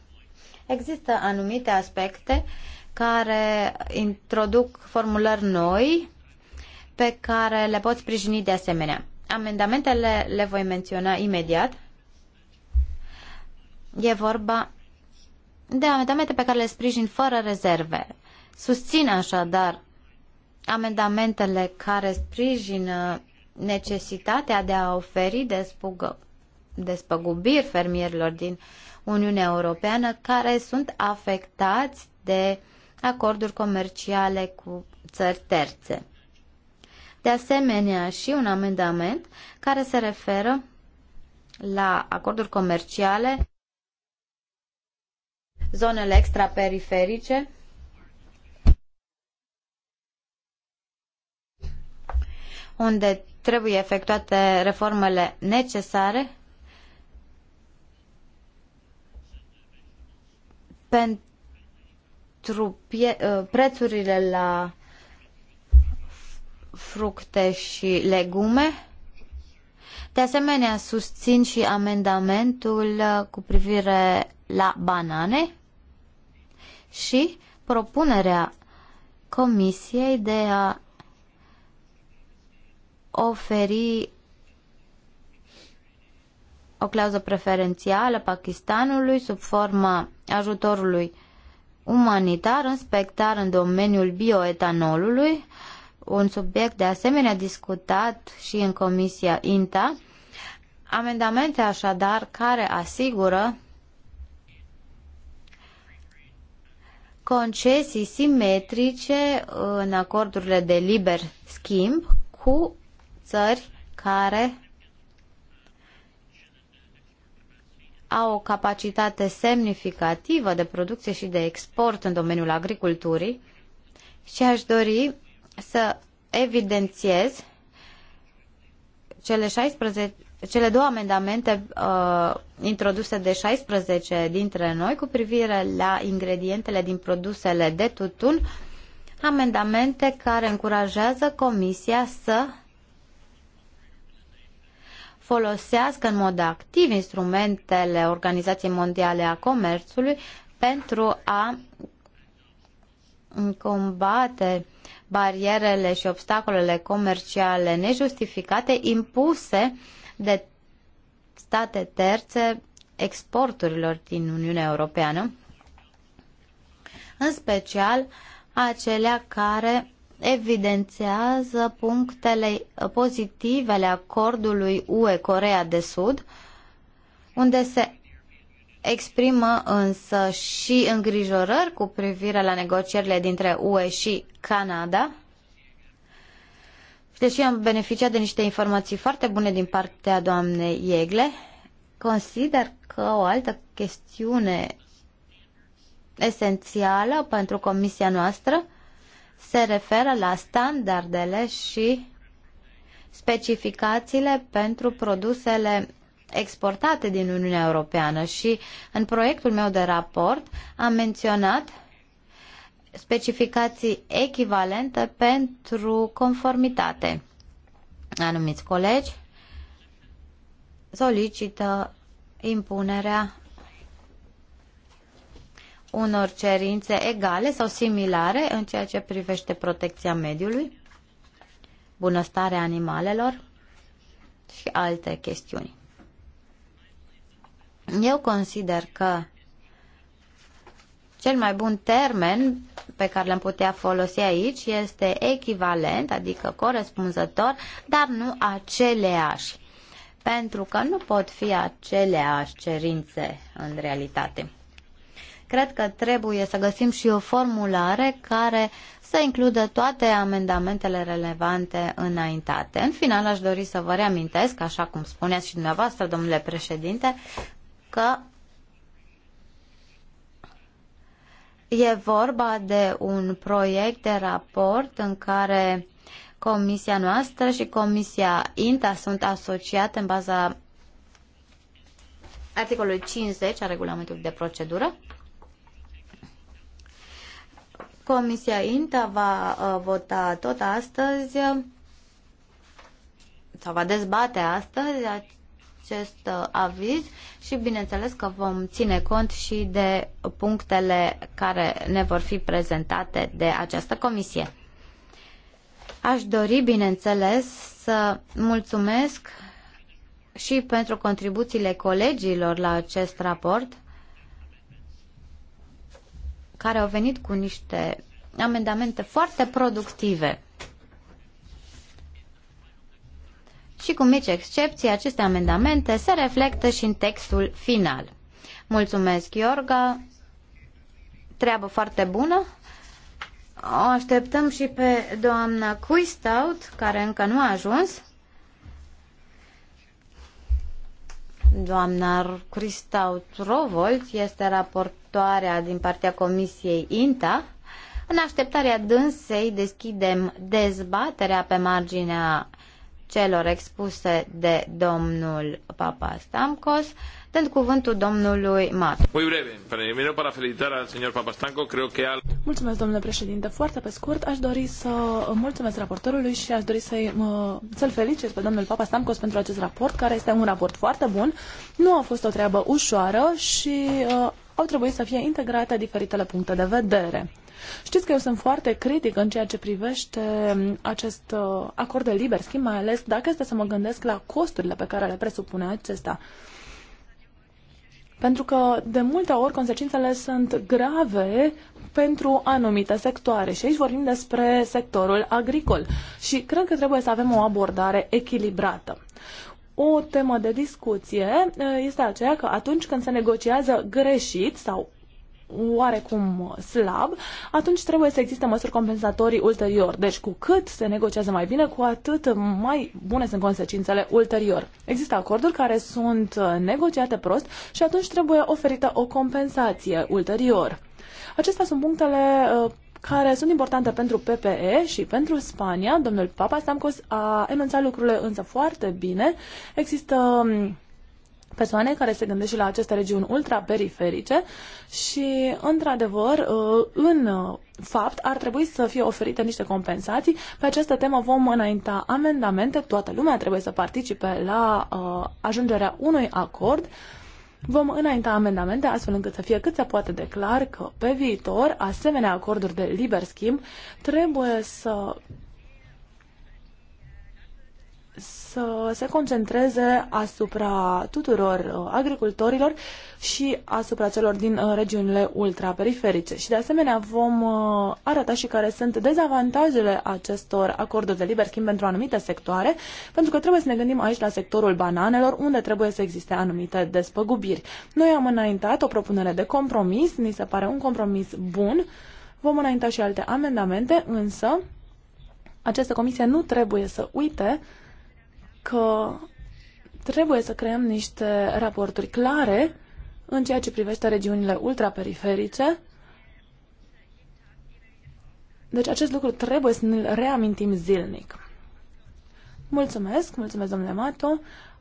Există anumite aspecte care introduc formulări noi pe care le pot sprijini de asemenea. Amendamentele le voi menționa imediat. E vorba de amendamente pe care le sprijin fără rezerve. Susțin așadar Amendamentele care sprijină necesitatea de a oferi despugă, despăgubiri fermierilor din Uniunea Europeană care sunt afectați de acorduri comerciale cu țări terțe. De asemenea, și un amendament care se referă la acorduri comerciale zonele extraperiferice unde trebuie efectuate reformele necesare pentru uh, prețurile la fructe și legume. De asemenea, susțin și amendamentul uh, cu privire la banane și propunerea Comisiei de a oferi o clauză preferențială Pakistanului sub forma ajutorului umanitar în spectar în domeniul bioetanolului, un subiect de asemenea discutat și în Comisia INTA, amendamente așadar care asigură concesii simetrice în acordurile de liber schimb cu țări care au o capacitate semnificativă de producție și de export în domeniul agriculturii și aș dori să evidențiez cele 16 cele două amendamente uh, introduse de 16 dintre noi cu privire la ingredientele din produsele de tutun, amendamente care încurajează Comisia să folosească în mod activ instrumentele Organizației Mondiale a Comerțului pentru a combate barierele și obstacolele comerciale nejustificate impuse de state terțe exporturilor din Uniunea Europeană, în special acelea care evidențiază punctele pozitive ale acordului UE-Corea de Sud, unde se exprimă însă și îngrijorări cu privire la negocierile dintre UE și Canada. Și deși am beneficiat de niște informații foarte bune din partea doamnei Iegle, consider că o altă chestiune esențială pentru comisia noastră se referă la standardele și specificațiile pentru produsele exportate din Uniunea Europeană și în proiectul meu de raport am menționat specificații echivalente pentru conformitate. Anumiți colegi solicită impunerea unor cerințe egale sau similare în ceea ce privește protecția mediului, bunăstarea animalelor și alte chestiuni. Eu consider că cel mai bun termen pe care l-am putea folosi aici este echivalent, adică corespunzător, dar nu aceleași. Pentru că nu pot fi aceleași cerințe în realitate. Cred că trebuie să găsim și o formulare care să includă toate amendamentele relevante înaintate. În final, aș dori să vă reamintesc, așa cum spuneați și dumneavoastră, domnule președinte, că e vorba de un proiect de raport în care comisia noastră și comisia INTA sunt asociate în baza articolului 50 a regulamentului de procedură Comisia INTA va uh, vota tot astăzi sau va dezbate astăzi acest uh, aviz și bineînțeles că vom ține cont și de punctele care ne vor fi prezentate de această comisie. Aș dori, bineînțeles, să mulțumesc și pentru contribuțiile colegilor la acest raport care au venit cu niște amendamente foarte productive. Și cu mici excepții, aceste amendamente se reflectă și în textul final. Mulțumesc, Iorga. Treabă foarte bună. O așteptăm și pe doamna Cuistaut, care încă nu a ajuns. Doamna Cristaut Rovolt este raport scrisoarea din partea Comisiei INTA. În așteptarea dânsei deschidem dezbaterea pe marginea celor expuse de domnul Papa Stamkos, dând cuvântul domnului Mat. Muy breve, primero para felicitar al señor Papastanco, creo que al... Mulțumesc, domnule președinte. Foarte pe scurt, aș dori să mulțumesc raportorului și aș dori să-i, să felicit pe domnul Papa Stamkos pentru acest raport, care este un raport foarte bun. Nu a fost o treabă ușoară și uh, au trebuit să fie integrate diferitele puncte de vedere. Știți că eu sunt foarte critic în ceea ce privește um, acest uh, acord de liber schimb, mai ales dacă este să mă gândesc la costurile pe care le presupune acesta. Pentru că, de multe ori, consecințele sunt grave pentru anumite sectoare. Și aici vorbim despre sectorul agricol. Și cred că trebuie să avem o abordare echilibrată o temă de discuție uh, este aceea că atunci când se negociază greșit sau oarecum slab, atunci trebuie să existe măsuri compensatorii ulterior. Deci cu cât se negociază mai bine, cu atât mai bune sunt consecințele ulterior. Există acorduri care sunt uh, negociate prost și atunci trebuie oferită o compensație ulterior. Acestea sunt punctele uh, care sunt importante pentru PPE și pentru Spania. Domnul Papa Stamcos a enunțat lucrurile însă foarte bine. Există um, persoane care se gândesc și la aceste regiuni ultraperiferice și, într-adevăr, uh, în fapt, ar trebui să fie oferite niște compensații. Pe această temă vom înainta amendamente, toată lumea trebuie să participe la uh, ajungerea unui acord. Vom înainta amendamente astfel încât să fie cât se poate de clar că pe viitor asemenea acorduri de liber schimb trebuie să să se concentreze asupra tuturor uh, agricultorilor și asupra celor din uh, regiunile ultraperiferice. Și de asemenea vom uh, arăta și care sunt dezavantajele acestor acorduri de liber schimb pentru anumite sectoare, pentru că trebuie să ne gândim aici la sectorul bananelor, unde trebuie să existe anumite despăgubiri. Noi am înaintat o propunere de compromis, ni se pare un compromis bun. Vom înainta și alte amendamente, însă această comisie nu trebuie să uite uh, că trebuie să creăm niște raporturi clare în ceea ce privește regiunile ultraperiferice. Deci acest lucru trebuie să ne reamintim zilnic. Mulțumesc, mulțumesc domnule Mato.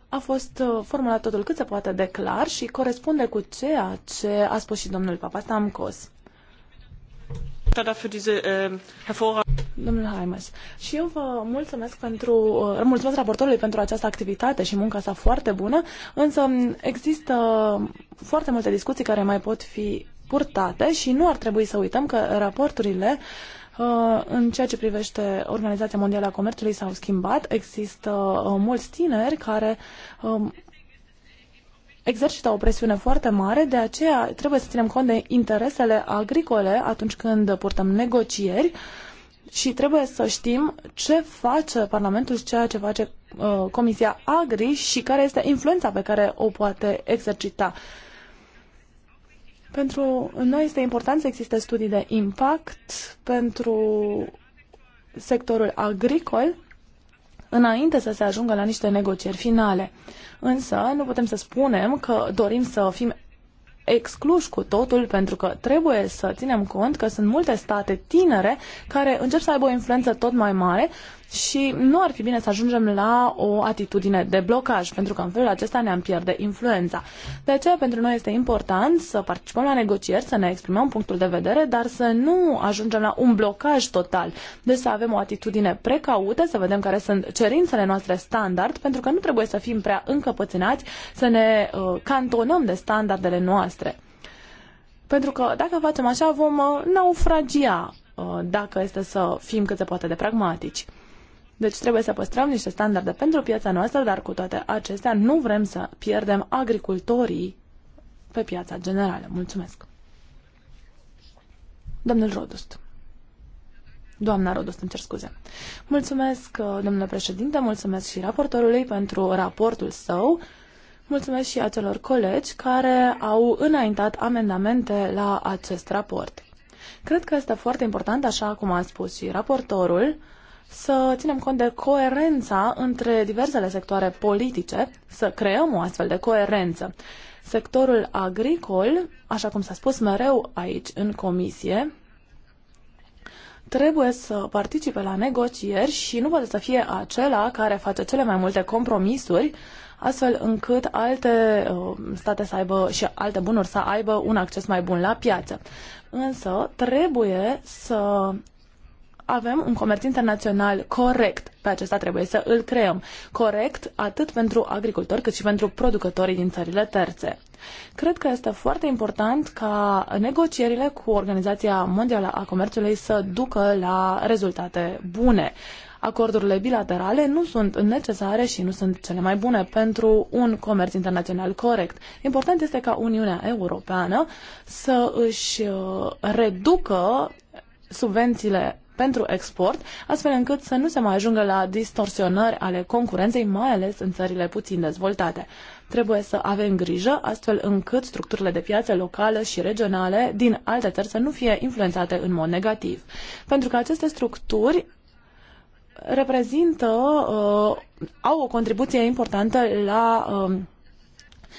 A fost uh, formulat totul cât se poate de clar și corespunde cu ceea ce a spus și domnul Papa, Papastamcos. Domnule Haimes, și eu vă mulțumesc pentru, uh, mulțumesc raportorului pentru această activitate și munca sa foarte bună, însă există foarte multe discuții care mai pot fi purtate și nu ar trebui să uităm că raporturile uh, în ceea ce privește Organizația Mondială a Comerțului s-au schimbat. Există uh, mulți tineri care um, exercită o presiune foarte mare, de aceea trebuie să ținem cont de interesele agricole atunci când purtăm negocieri uh, și trebuie să știm ce face Parlamentul și ceea ce face uh, Comisia Agri și care este influența pe care o poate exercita. Pentru noi este important să existe studii de impact pentru sectorul agricol înainte să se ajungă la niște negocieri finale. Însă nu putem să spunem că dorim să fim excluși cu totul pentru că trebuie să ținem cont că sunt multe state tinere care încep să aibă o influență tot mai mare și nu ar fi bine să ajungem la o atitudine de blocaj, pentru că în felul acesta ne-am pierde influența. De aceea, pentru noi este important să participăm la negocieri, să ne exprimăm punctul de vedere, dar să nu ajungem la un blocaj total. Deci să avem o atitudine precaută, să vedem care sunt cerințele noastre standard, pentru că nu trebuie să fim prea încăpățânați, să ne uh, cantonăm de standardele noastre. Pentru că dacă facem așa vom uh, naufragia uh, dacă este să fim cât se poate de pragmatici. Deci trebuie să păstrăm niște standarde pentru piața noastră, dar cu toate acestea nu vrem să pierdem agricultorii pe piața generală. Mulțumesc. Domnul Rodust. Doamna Rodust, îmi cer scuze. Mulțumesc, uh, domnule președinte, mulțumesc și raportorului pentru raportul său. Mulțumesc și acelor colegi care au înaintat amendamente la acest raport. Cred că este foarte important, așa cum a spus și raportorul, să ținem cont de coerența între diversele sectoare politice, să creăm o astfel de coerență. Sectorul agricol, așa cum s-a spus mereu aici în comisie, trebuie să participe la negocieri și nu poate să fie acela care face cele mai multe compromisuri, astfel încât alte uh, state să aibă și alte bunuri să aibă un acces mai bun la piață. Însă trebuie să avem un comerț internațional corect. Pe acesta trebuie să îl creăm. Corect atât pentru agricultori cât și pentru producătorii din țările terțe. Cred că este foarte important ca negocierile cu Organizația Mondială a Comerțului să ducă la rezultate bune acordurile bilaterale nu sunt necesare și nu sunt cele mai bune pentru un comerț internațional corect. Important este ca Uniunea Europeană să își uh, reducă subvențiile pentru export, astfel încât să nu se mai ajungă la distorsionări ale concurenței, mai ales în țările puțin dezvoltate. Trebuie să avem grijă astfel încât structurile de piață locale și regionale din alte țări să nu fie influențate în mod negativ. Pentru că aceste structuri reprezintă, uh, au o contribuție importantă la uh,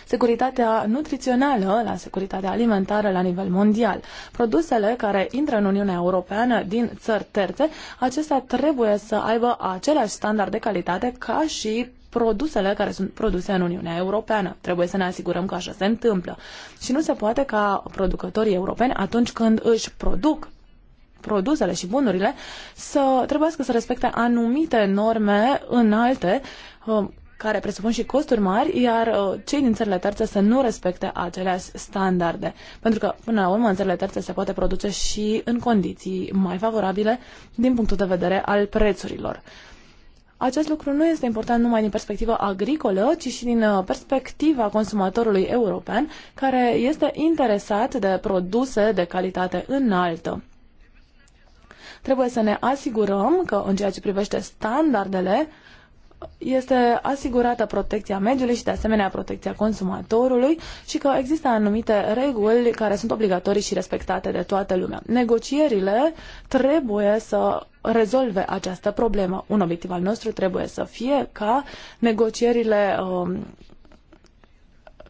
securitatea nutrițională la securitatea alimentară la nivel mondial. Produsele care intră în Uniunea Europeană din țări terțe, acestea trebuie să aibă același standard de calitate ca și produsele care sunt produse în Uniunea Europeană. Trebuie să ne asigurăm că așa se întâmplă. Și nu se poate ca producătorii europeni, atunci când își produc produsele și bunurile, să trebuiască să respecte anumite norme înalte uh, care presupun și costuri mari, iar uh, cei din țările terțe să nu respecte aceleași standarde. Pentru că, până la urmă, în țările terțe se poate produce și în condiții mai favorabile din punctul de vedere al prețurilor. Acest lucru nu este important numai din perspectiva agricolă, ci și din uh, perspectiva consumatorului european, care este interesat de produse de calitate înaltă. Trebuie să ne asigurăm că, în ceea ce privește standardele, este asigurată protecția mediului și de asemenea protecția consumatorului și că există anumite reguli care sunt obligatorii și respectate de toată lumea. Negocierile trebuie să rezolve această problemă. Un obiectiv al nostru trebuie să fie ca negocierile um,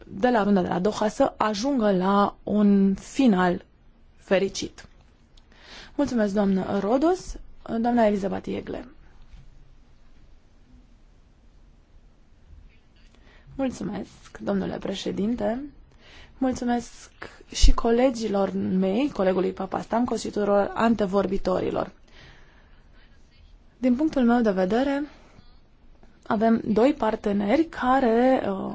de la runda de la Doha să ajungă la un final fericit. Mulțumesc, doamnă Rodos, doamna Elizabeth Iegle. Mulțumesc, domnule președinte. Mulțumesc și colegilor mei, colegului Papastamco și tuturor antevorbitorilor. Din punctul meu de vedere, avem doi parteneri care, uh,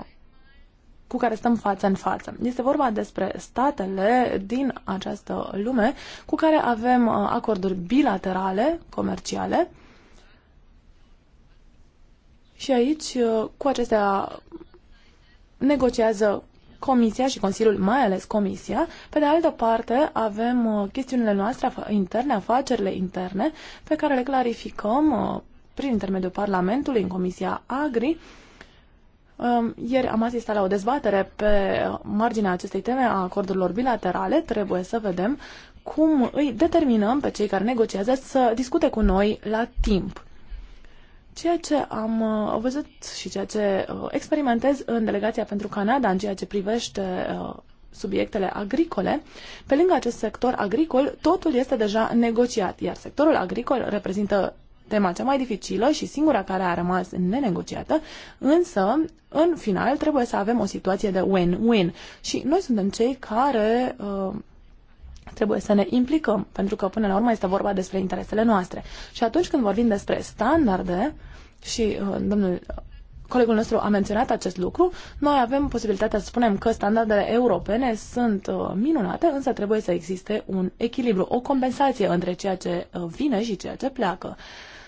cu care stăm față în față. Este vorba despre statele din această lume cu care avem uh, acorduri bilaterale, comerciale. Și aici, uh, cu acestea negociază Comisia și Consiliul, mai ales Comisia. Pe de altă parte, avem uh, chestiunile noastre interne, afacerile interne, pe care le clarificăm uh, prin intermediul Parlamentului în Comisia Agri. Um, ieri am asistat la o dezbatere pe marginea acestei teme a acordurilor bilaterale. Trebuie să vedem cum îi determinăm pe cei care negociază să discute cu noi la timp. Ceea ce am uh, văzut și ceea ce uh, experimentez în delegația pentru Canada în ceea ce privește uh, subiectele agricole, pe lângă acest sector agricol, totul este deja negociat, iar sectorul agricol reprezintă tema cea mai dificilă și singura care a rămas nenegociată, însă, în final, trebuie să avem o situație de win-win. Și noi suntem cei care uh, Trebuie să ne implicăm, pentru că până la urmă este vorba despre interesele noastre. Și atunci când vorbim despre standarde, și uh, domnul uh, colegul nostru a menționat acest lucru, noi avem posibilitatea să spunem că standardele europene sunt uh, minunate, însă trebuie să existe un echilibru, o compensație între ceea ce uh, vine și ceea ce pleacă. Uh,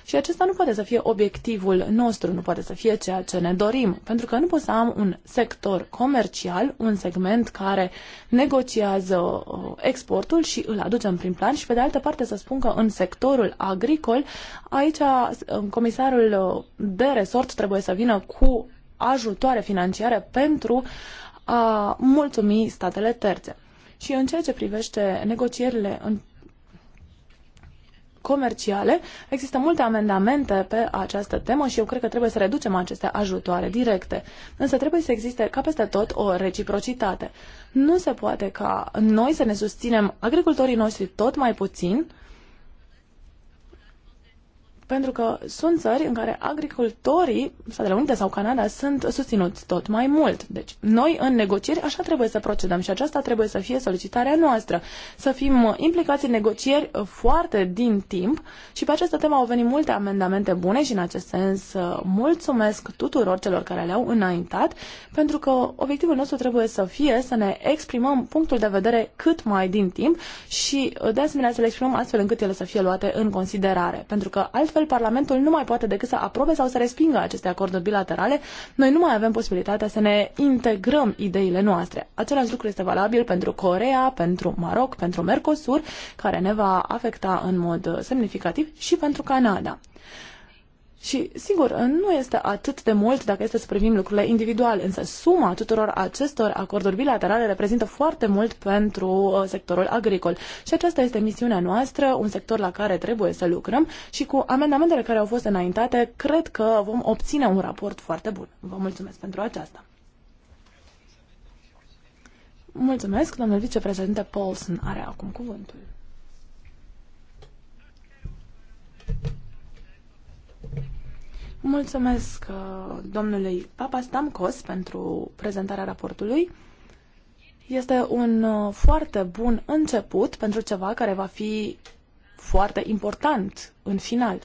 și acesta nu poate să fie obiectivul nostru, nu poate să fie ceea ce ne dorim, pentru că nu pot să am un sector comercial, un segment care negociază uh, exportul și îl aducem prin plan și pe de altă parte să spun că în sectorul agricol, aici uh, comisarul uh, de resort trebuie să vină cu ajutoare financiare pentru a mulțumi statele terțe. Și în ceea ce privește negocierile în comerciale. Există multe amendamente pe această temă și eu cred că trebuie să reducem aceste ajutoare directe. Însă trebuie să existe ca peste tot o reciprocitate. Nu se poate ca noi să ne susținem agricultorii noștri tot mai puțin pentru că sunt țări în care agricultorii, Statele Unite sau Canada, sunt susținuți tot mai mult. Deci, noi în negocieri așa trebuie să procedăm și aceasta trebuie să fie solicitarea noastră. Să fim implicați în negocieri foarte din timp și pe această temă au venit multe amendamente bune și în acest sens mulțumesc tuturor celor care le-au înaintat, pentru că obiectivul nostru trebuie să fie să ne exprimăm punctul de vedere cât mai din timp și de asemenea să le exprimăm astfel încât ele să fie luate în considerare. Pentru că alt astfel Parlamentul nu mai poate decât să aprobe sau să respingă aceste acorduri bilaterale. Noi nu mai avem posibilitatea să ne integrăm ideile noastre. Același lucru este valabil pentru Corea, pentru Maroc, pentru Mercosur, care ne va afecta în mod semnificativ și pentru Canada. Și, sigur, nu este atât de mult dacă este să privim lucrurile individual, însă suma tuturor acestor acorduri bilaterale reprezintă foarte mult pentru uh, sectorul agricol. Și aceasta este misiunea noastră, un sector la care trebuie să lucrăm și cu amendamentele care au fost înaintate, cred că vom obține un raport foarte bun. Vă mulțumesc pentru aceasta. Mulțumesc, domnul vicepreședinte Paulson are acum cuvântul. Mulțumesc uh, domnului Papastamkos pentru prezentarea raportului. Este un uh, foarte bun început pentru ceva care va fi foarte important în final.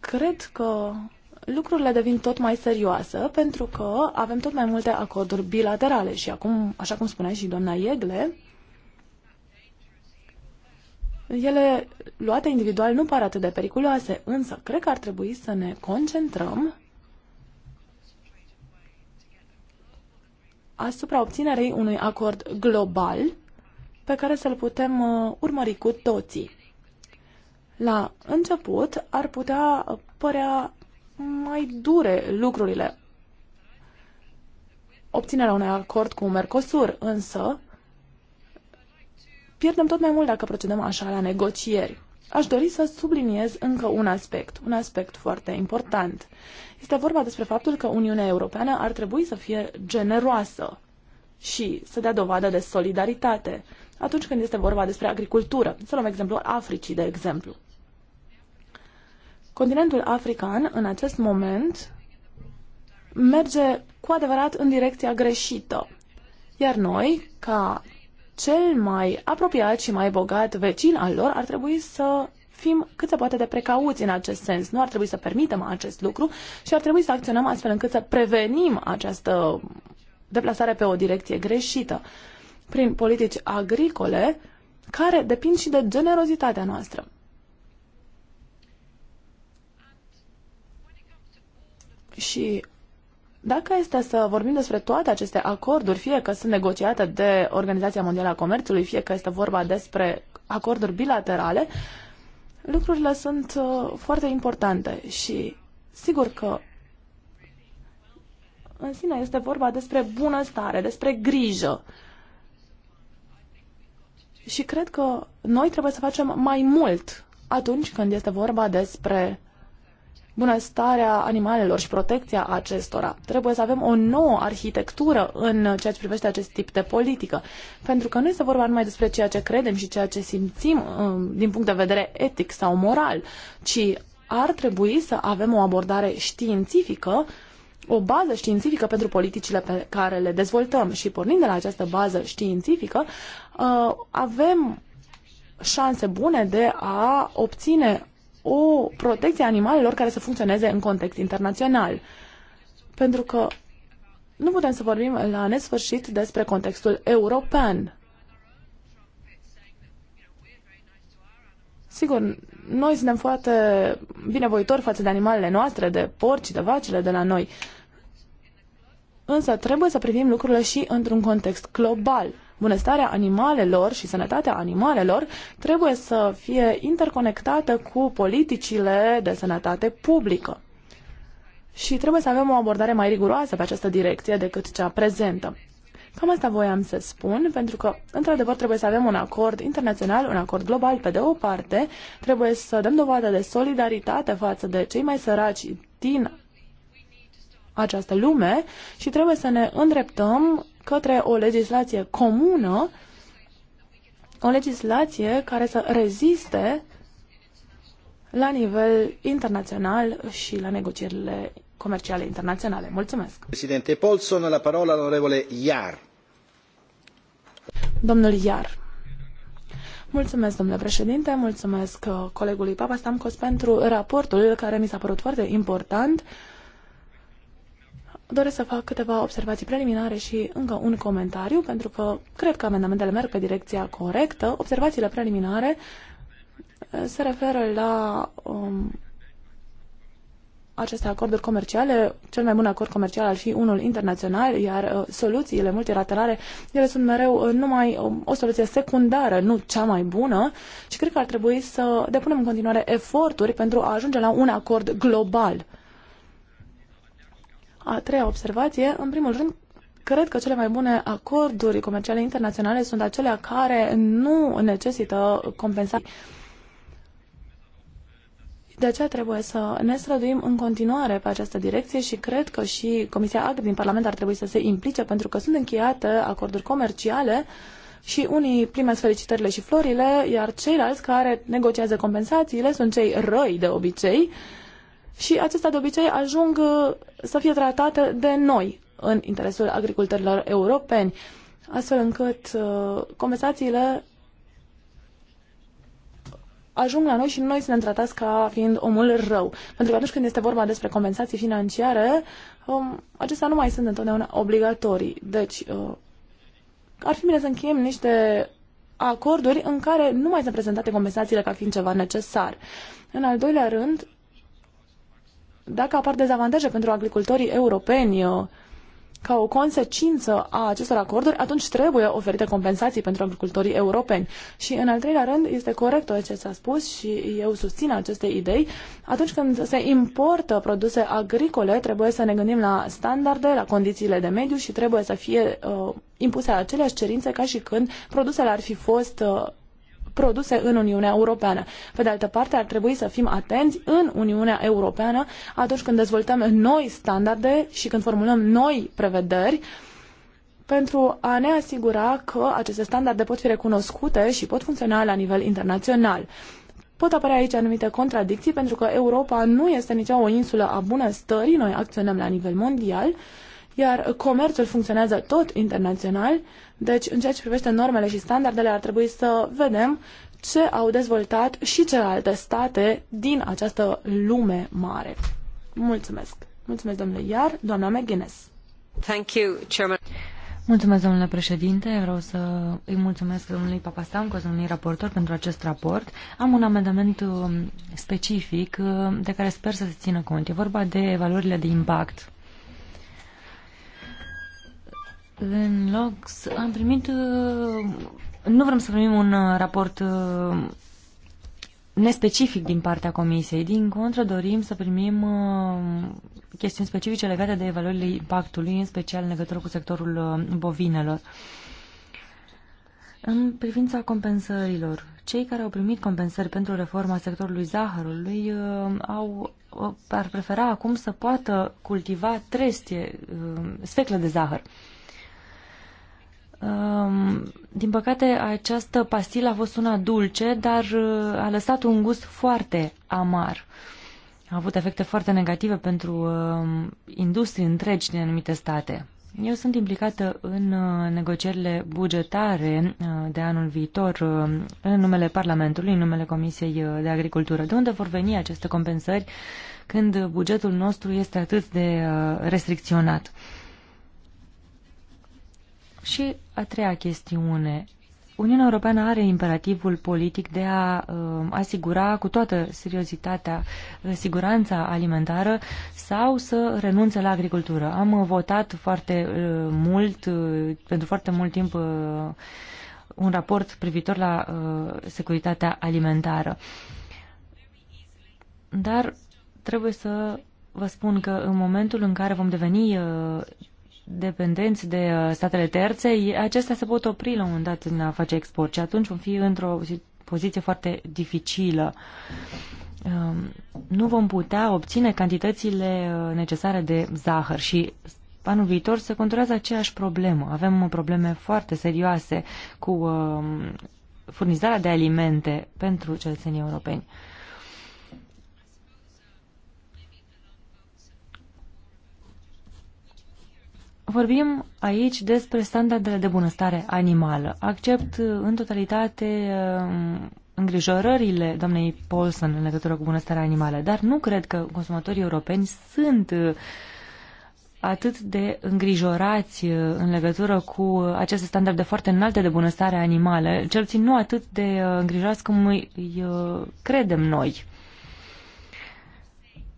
Cred că lucrurile devin tot mai serioase pentru că avem tot mai multe acorduri bilaterale și acum, așa cum spunea și doamna Iegle, ele luate individual nu par atât de periculoase, însă cred că ar trebui să ne concentrăm asupra obținerei unui acord global pe care să-l putem uh, urmări cu toții. La început ar putea părea mai dure lucrurile obținerea unui acord cu Mercosur, însă pierdem tot mai mult dacă procedăm așa la negocieri. Aș dori să subliniez încă un aspect, un aspect foarte important. Este vorba despre faptul că Uniunea Europeană ar trebui să fie generoasă și să dea dovadă de solidaritate atunci când este vorba despre agricultură. Să luăm exemplul Africii, de exemplu. Continentul african, în acest moment, merge cu adevărat în direcția greșită. Iar noi, ca cel mai apropiat și mai bogat vecin al lor, ar trebui să fim cât se poate de precauți în acest sens. Nu ar trebui să permitem acest lucru și ar trebui să acționăm astfel încât să prevenim această deplasare pe o direcție greșită prin politici agricole care depind și de generozitatea noastră. Și dacă este să vorbim despre toate aceste acorduri, fie că sunt negociate de Organizația Mondială a Comerțului, fie că este vorba despre acorduri bilaterale, lucrurile sunt uh, foarte importante și sigur că în sine este vorba despre bunăstare, despre grijă. Și cred că noi trebuie să facem mai mult atunci când este vorba despre bunăstarea animalelor și protecția acestora. Trebuie să avem o nouă arhitectură în ceea ce privește acest tip de politică, pentru că nu este vorba numai despre ceea ce credem și ceea ce simțim um, din punct de vedere etic sau moral, ci ar trebui să avem o abordare științifică o bază științifică pentru politicile pe care le dezvoltăm și pornind de la această bază științifică, uh, avem șanse bune de a obține o protecție a animalelor care să funcționeze în context internațional. Pentru că nu putem să vorbim la nesfârșit despre contextul european. Sigur, noi suntem foarte binevoitori față de animalele noastre, de porci, de vacile de la noi. Însă trebuie să privim lucrurile și într-un context global bunăstarea animalelor și sănătatea animalelor trebuie să fie interconectată cu politicile de sănătate publică. Și trebuie să avem o abordare mai riguroasă pe această direcție decât cea prezentă. Cam asta voiam să spun, pentru că, într-adevăr, trebuie să avem un acord internațional, un acord global, pe de o parte, trebuie să dăm dovadă de solidaritate față de cei mai săraci din această lume și trebuie să ne îndreptăm către o legislație comună, o legislație care să reziste la nivel internațional și la negocierile comerciale internaționale. Mulțumesc. Președinte Polson, la parola onorevole Iar. Domnul Iar. Mulțumesc, domnule președinte, mulțumesc uh, colegului Stamcos pentru raportul care mi s-a părut foarte important doresc să fac câteva observații preliminare și încă un comentariu, pentru că cred că amendamentele merg pe direcția corectă. Observațiile preliminare eh, se referă la um, aceste acorduri comerciale. Cel mai bun acord comercial ar fi unul internațional, iar uh, soluțiile multilaterale, ele sunt mereu uh, numai um, o soluție secundară, nu cea mai bună și cred că ar trebui să depunem în continuare eforturi pentru a ajunge la un acord global a treia observație, în primul rând, cred că cele mai bune acorduri comerciale internaționale sunt acelea care nu necesită compensații. De aceea trebuie să ne străduim în continuare pe această direcție și cred că și Comisia AG din Parlament ar trebui să se implice pentru că sunt încheiate acorduri comerciale și unii primesc felicitările și florile, iar ceilalți care negociază compensațiile sunt cei răi de obicei și acestea de obicei ajung uh, să fie tratate de noi în interesul agricultorilor europeni, astfel încât uh, compensațiile ajung la noi și noi să ne tratați ca fiind omul rău. Pentru că atunci când este vorba despre compensații financiare, um, acestea nu mai sunt întotdeauna obligatorii. Deci, uh, ar fi bine să încheiem niște acorduri în care nu mai sunt prezentate compensațiile ca fiind ceva necesar. În al doilea rând, dacă apar dezavantaje pentru agricultorii europeni uh, ca o consecință a acestor acorduri, atunci trebuie oferite compensații pentru agricultorii europeni. Și în al treilea rând, este corect tot ce s-a spus și eu susțin aceste idei. Atunci când se importă produse agricole, trebuie să ne gândim la standarde, la condițiile de mediu și trebuie să fie uh, impuse aceleași cerințe ca și când produsele ar fi fost uh, produse în Uniunea Europeană. Pe de altă parte, ar trebui să fim atenți în Uniunea Europeană atunci când dezvoltăm noi standarde și când formulăm noi prevederi pentru a ne asigura că aceste standarde pot fi recunoscute și pot funcționa la nivel internațional. Pot apărea aici anumite contradicții pentru că Europa nu este nici o insulă a bunăstării, noi acționăm la nivel mondial iar comerțul funcționează tot internațional, deci în ceea ce privește normele și standardele ar trebui să vedem ce au dezvoltat și celelalte state din această lume mare. Mulțumesc! Mulțumesc, domnule Iar, doamna McGuinness. Thank you, Chairman. Mulțumesc, domnule președinte. Vreau să îi mulțumesc domnului Papastamcos, domnului raportor, pentru acest raport. Am un amendament um, specific um, de care sper să se țină cont. E vorba de valorile de impact în loc să... Am primit... Uh, nu vrem să primim un uh, raport uh, nespecific din partea Comisiei. Din contră, dorim să primim chestiuni specifice legate de evaluările impactului, în special în legătură cu sectorul bovinelor. În privința compensărilor, cei care au primit compensări pentru reforma sectorului zahărului au, ar prefera acum să poată cultiva trestie, sfeclă de zahăr. Um, din păcate, această pastilă a fost una dulce, dar uh, a lăsat un gust foarte amar. A avut efecte foarte negative pentru um, industrii întregi din anumite state. Eu sunt implicată în uh, negocierile bugetare uh, de anul viitor în numele Parlamentului, în numele Comisiei de Agricultură. De unde vor veni aceste compensări când bugetul nostru este atât de restricționat? Și a treia chestiune. Uniunea Europeană are imperativul politic de a uh, asigura cu toată seriozitatea uh, siguranța alimentară sau să renunțe la agricultură. Am uh, votat foarte uh, mult, uh, pentru foarte mult timp, uh, un raport privitor la uh, securitatea alimentară. Dar trebuie să vă spun că în momentul în care vom deveni uh, dependenți de uh, statele terțe, acestea se pot opri la un moment dat în a face export și atunci vom fi într-o poziție foarte dificilă. Um, nu vom putea obține cantitățile uh, necesare de zahăr și anul viitor se conturează aceeași problemă. Avem uh, probleme foarte serioase cu um, furnizarea de alimente pentru cetățenii europeni. Vorbim aici despre standardele de bunăstare animală. Accept în totalitate um, îngrijorările doamnei Paulson în legătură cu bunăstarea animală, dar nu cred că consumatorii europeni sunt uh, atât de îngrijorați uh, în legătură cu aceste standarde foarte înalte de bunăstare animală, cel puțin nu atât de uh, îngrijorați cum îi, îi credem noi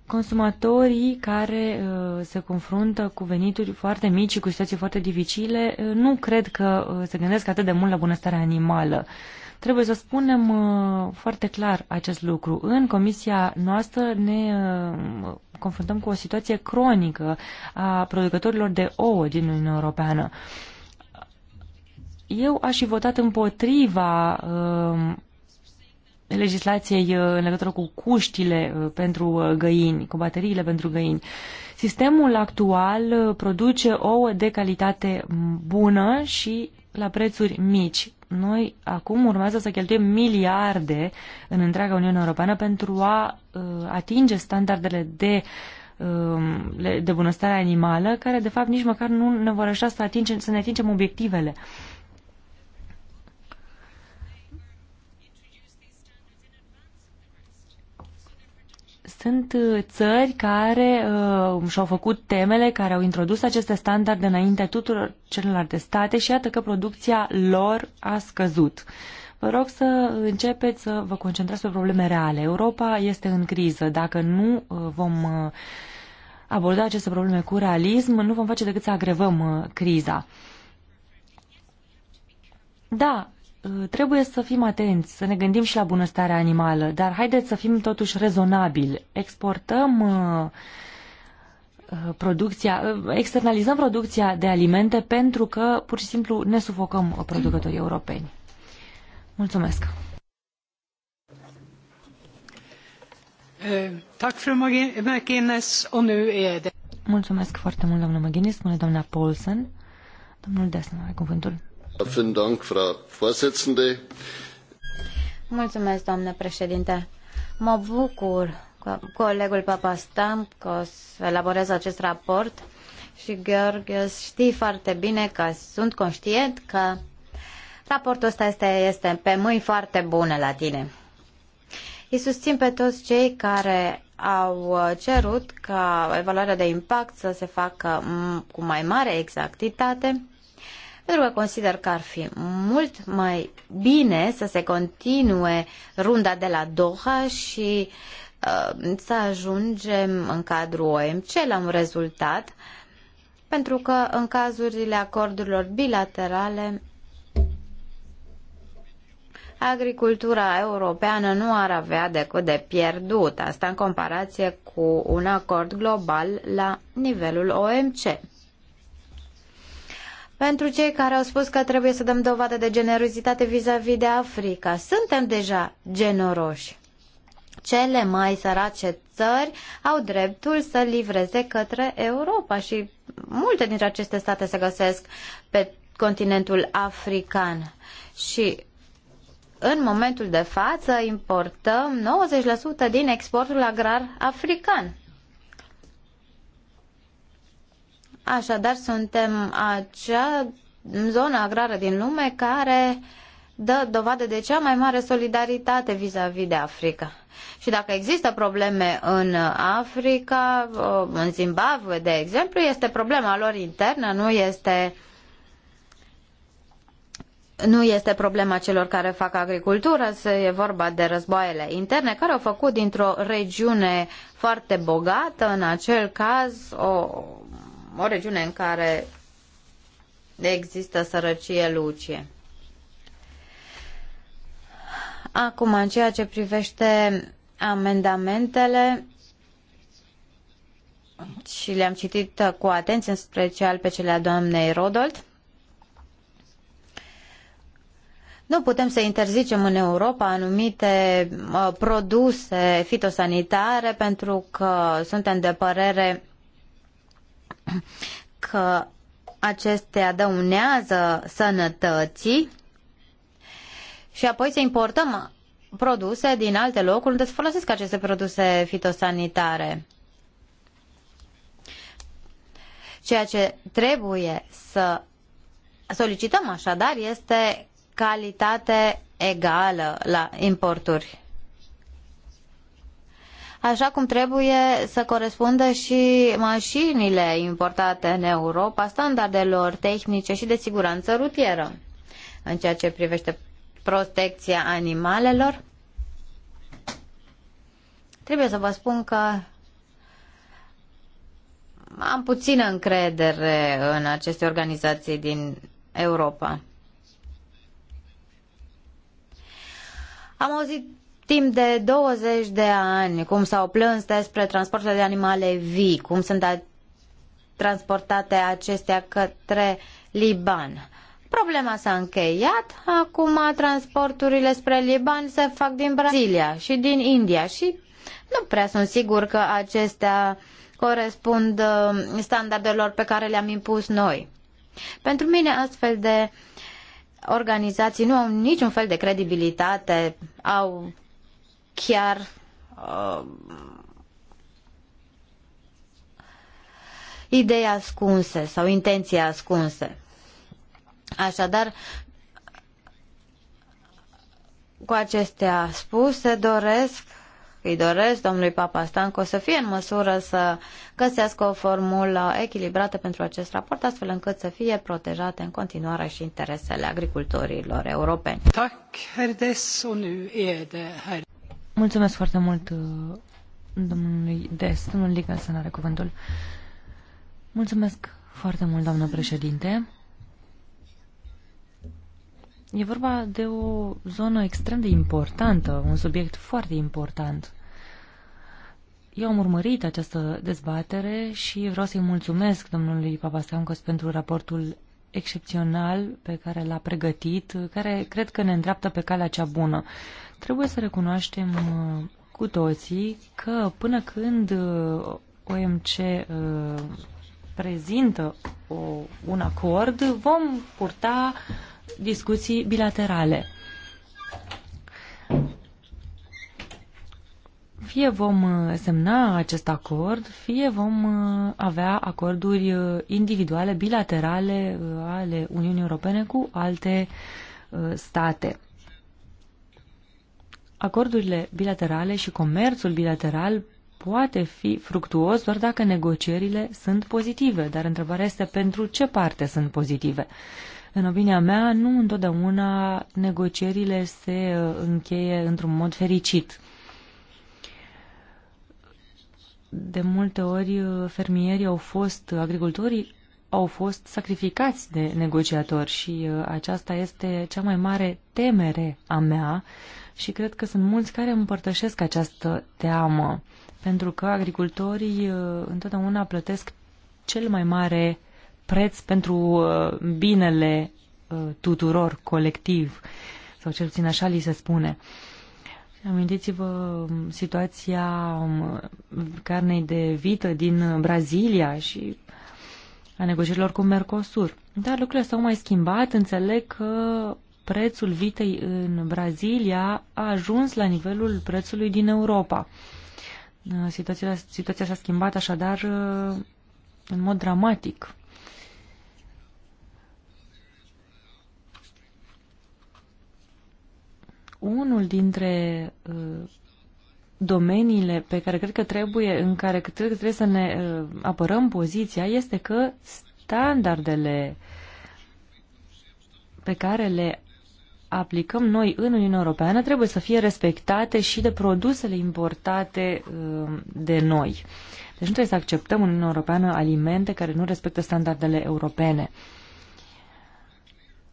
consumatorii care uh, se confruntă cu venituri foarte mici și cu situații foarte dificile uh, nu cred că uh, se gândesc atât de mult la bunăstarea animală. Trebuie să spunem foarte clar acest lucru. În comisia noastră ne confruntăm cu o situație cronică a producătorilor de ouă din Uniunea Europeană. Eu aș fi votat împotriva uh, legislației uh, în legătură cu cuștile uh, pentru uh, găini, cu bateriile pentru găini. Sistemul actual produce ouă de calitate bună și la prețuri mici. Noi acum urmează să cheltuim miliarde în întreaga Uniune Europeană pentru a atinge standardele de um, de bunăstare animală, care de fapt nici măcar nu ne vor așa să, atingem, să ne atingem obiectivele Sunt uh, țări care uh, și-au făcut temele, care au introdus aceste standarde înainte tuturor celorlalte state și iată că producția lor a scăzut. Vă rog să începeți să vă concentrați pe probleme reale. Europa este în criză. Dacă nu uh, vom uh, aborda aceste probleme cu realism, nu vom face decât să agrevăm criza. Da, Uh, trebuie să fim atenți, să ne gândim și la bunăstarea animală, dar haideți să fim totuși rezonabili. Exportăm uh, uh, producția, externalizăm producția de alimente pentru că pur și simplu ne sufocăm producătorii europeni. Mulțumesc! Eh, Mulțumesc foarte mult, doamnă McGuinness, spune doamna Paulsen. Domnul Desna are cuvântul. Mulțumesc, doamnă președinte. Mă bucur că colegul Papastamkos elaborează acest raport și George știi foarte bine că sunt conștient că raportul ăsta este, este pe mâini foarte bune la tine. Îi susțin pe toți cei care au cerut ca evaluarea de impact să se facă cu mai mare exactitate pentru că consider că ar fi mult mai bine să se continue runda de la Doha și uh, să ajungem în cadrul OMC la un rezultat, pentru că în cazurile acordurilor bilaterale agricultura europeană nu ar avea decât de pierdut, asta în comparație cu un acord global la nivelul OMC pentru cei care au spus că trebuie să dăm dovadă de generozitate vis-a-vis -vis de Africa. Suntem deja generoși. Cele mai sărace țări au dreptul să livreze către Europa și multe dintre aceste state se găsesc pe continentul african. Și în momentul de față importăm 90% din exportul agrar african. Așadar, suntem acea zonă agrară din lume care dă dovadă de cea mai mare solidaritate vis-a-vis -vis de Africa. Și dacă există probleme în Africa, în Zimbabwe, de exemplu, este problema lor internă, nu este nu este problema celor care fac agricultură, e vorba de războaiele interne care au făcut dintr-o regiune foarte bogată, în acel caz, o o regiune în care există sărăcie lucie. Acum, în ceea ce privește amendamentele, și le-am citit cu atenție, în special pe cele a doamnei Rodolt, nu putem să interzicem în Europa anumite uh, produse fitosanitare pentru că suntem de părere că acestea dăunează sănătății și apoi să importăm produse din alte locuri unde se folosesc aceste produse fitosanitare. Ceea ce trebuie să solicităm așadar este calitate egală la importuri așa cum trebuie să corespundă și mașinile importate în Europa standardelor tehnice și de siguranță rutieră. În ceea ce privește protecția animalelor, trebuie să vă spun că am puțină încredere în aceste organizații din Europa. Am auzit Timp de 20 de ani, cum s-au plâns despre transportul de animale vii, cum sunt transportate acestea către Liban. Problema s-a încheiat, acum transporturile spre Liban se fac din Brazilia și din India și nu prea sunt sigur că acestea corespund uh, standardelor pe care le-am impus noi. Pentru mine astfel de organizații nu au niciun fel de credibilitate, au chiar uh, idei ascunse sau intenții ascunse. Așadar, cu acestea spuse, doresc îi doresc domnului Papa Stanco să fie în măsură să găsească o formulă echilibrată pentru acest raport, astfel încât să fie protejate în continuare și interesele agricultorilor europeni. Mulțumesc foarte mult uh, domnului Des, domnul Nicholson are cuvântul. Mulțumesc foarte mult, doamnă președinte. E vorba de o zonă extrem de importantă, un subiect foarte important. Eu am urmărit această dezbatere și vreau să-i mulțumesc domnului Papasteancos pentru raportul excepțional pe care l-a pregătit, care cred că ne îndreaptă pe calea cea bună. Uh, Trebuie să recunoaștem uh, cu toții că până când uh, OMC uh, prezintă o, un acord, vom purta discuții bilaterale. Fie vom semna acest acord, fie vom avea acorduri individuale, bilaterale ale Uniunii Europene cu alte state acordurile bilaterale și comerțul bilateral poate fi fructuos doar dacă negocierile sunt pozitive, dar întrebarea este pentru ce parte sunt pozitive. În opinia mea, nu întotdeauna negocierile se uh, încheie într-un mod fericit. De multe ori, uh, fermierii au fost, agricultorii au fost sacrificați de negociatori și uh, aceasta este cea mai mare temere a mea și cred că sunt mulți care împărtășesc această teamă, pentru că agricultorii uh, întotdeauna plătesc cel mai mare preț pentru uh, binele uh, tuturor colectiv, sau cel puțin așa li se spune. Amintiți-vă um, situația um, carnei de vită din Brazilia și a negocierilor cu Mercosur. Dar lucrurile s-au mai schimbat, înțeleg că prețul vitei în Brazilia a ajuns la nivelul prețului din Europa. Uh, situația, situația s-a schimbat așadar uh, în mod dramatic. Unul dintre uh, domeniile pe care cred că trebuie, în care cred că trebuie să ne apărăm poziția este că standardele pe care le aplicăm noi în Uniunea Europeană trebuie să fie respectate și de produsele importate um, de noi. Deci nu trebuie să acceptăm în Uniunea Europeană alimente care nu respectă standardele europene.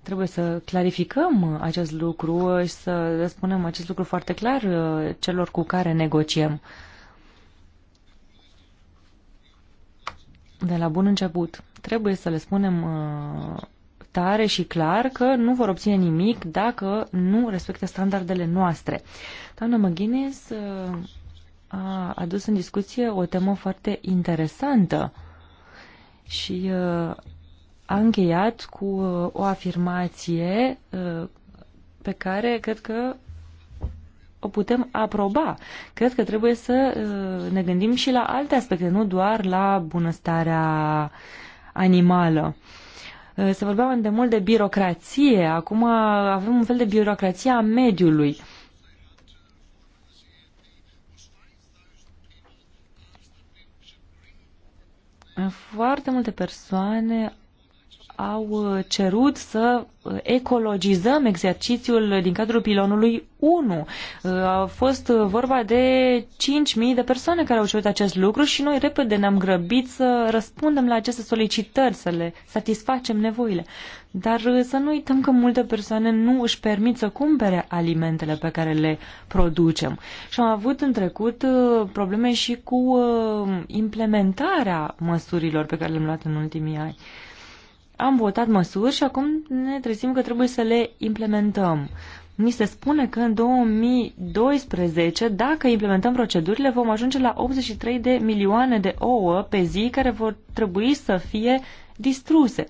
Trebuie să clarificăm acest lucru și să spunem acest lucru foarte clar uh, celor cu care negociem. De la bun început, trebuie să le spunem uh, tare și clar că nu vor obține nimic dacă nu respectă standardele noastre. Doamna McGuinness uh, a adus în discuție o temă foarte interesantă și uh, a încheiat cu uh, o afirmație pe care cred că o putem aproba. Cred că trebuie să ne gândim și la alte aspecte, nu doar la bunăstarea animală. Eh, se vorbea mult de birocrație, acum avem un fel de birocrație a mediului. Foarte multe persoane au uh, cerut să uh, ecologizăm exercițiul din cadrul pilonului 1. Uh, a fost vorba de 5.000 de persoane care au cerut acest lucru și noi repede ne-am grăbit să răspundem la aceste solicitări, să le satisfacem nevoile. Dar să nu uităm că multe persoane nu își permit să cumpere alimentele pe care le producem. Și am avut în trecut probleme și cu implementarea măsurilor pe care le-am luat în ultimii ani am votat măsuri și acum ne trezim că trebuie să le implementăm. Ni se spune că în 2012, dacă implementăm procedurile, vom ajunge la 83 de milioane de ouă pe zi care vor trebui să fie distruse.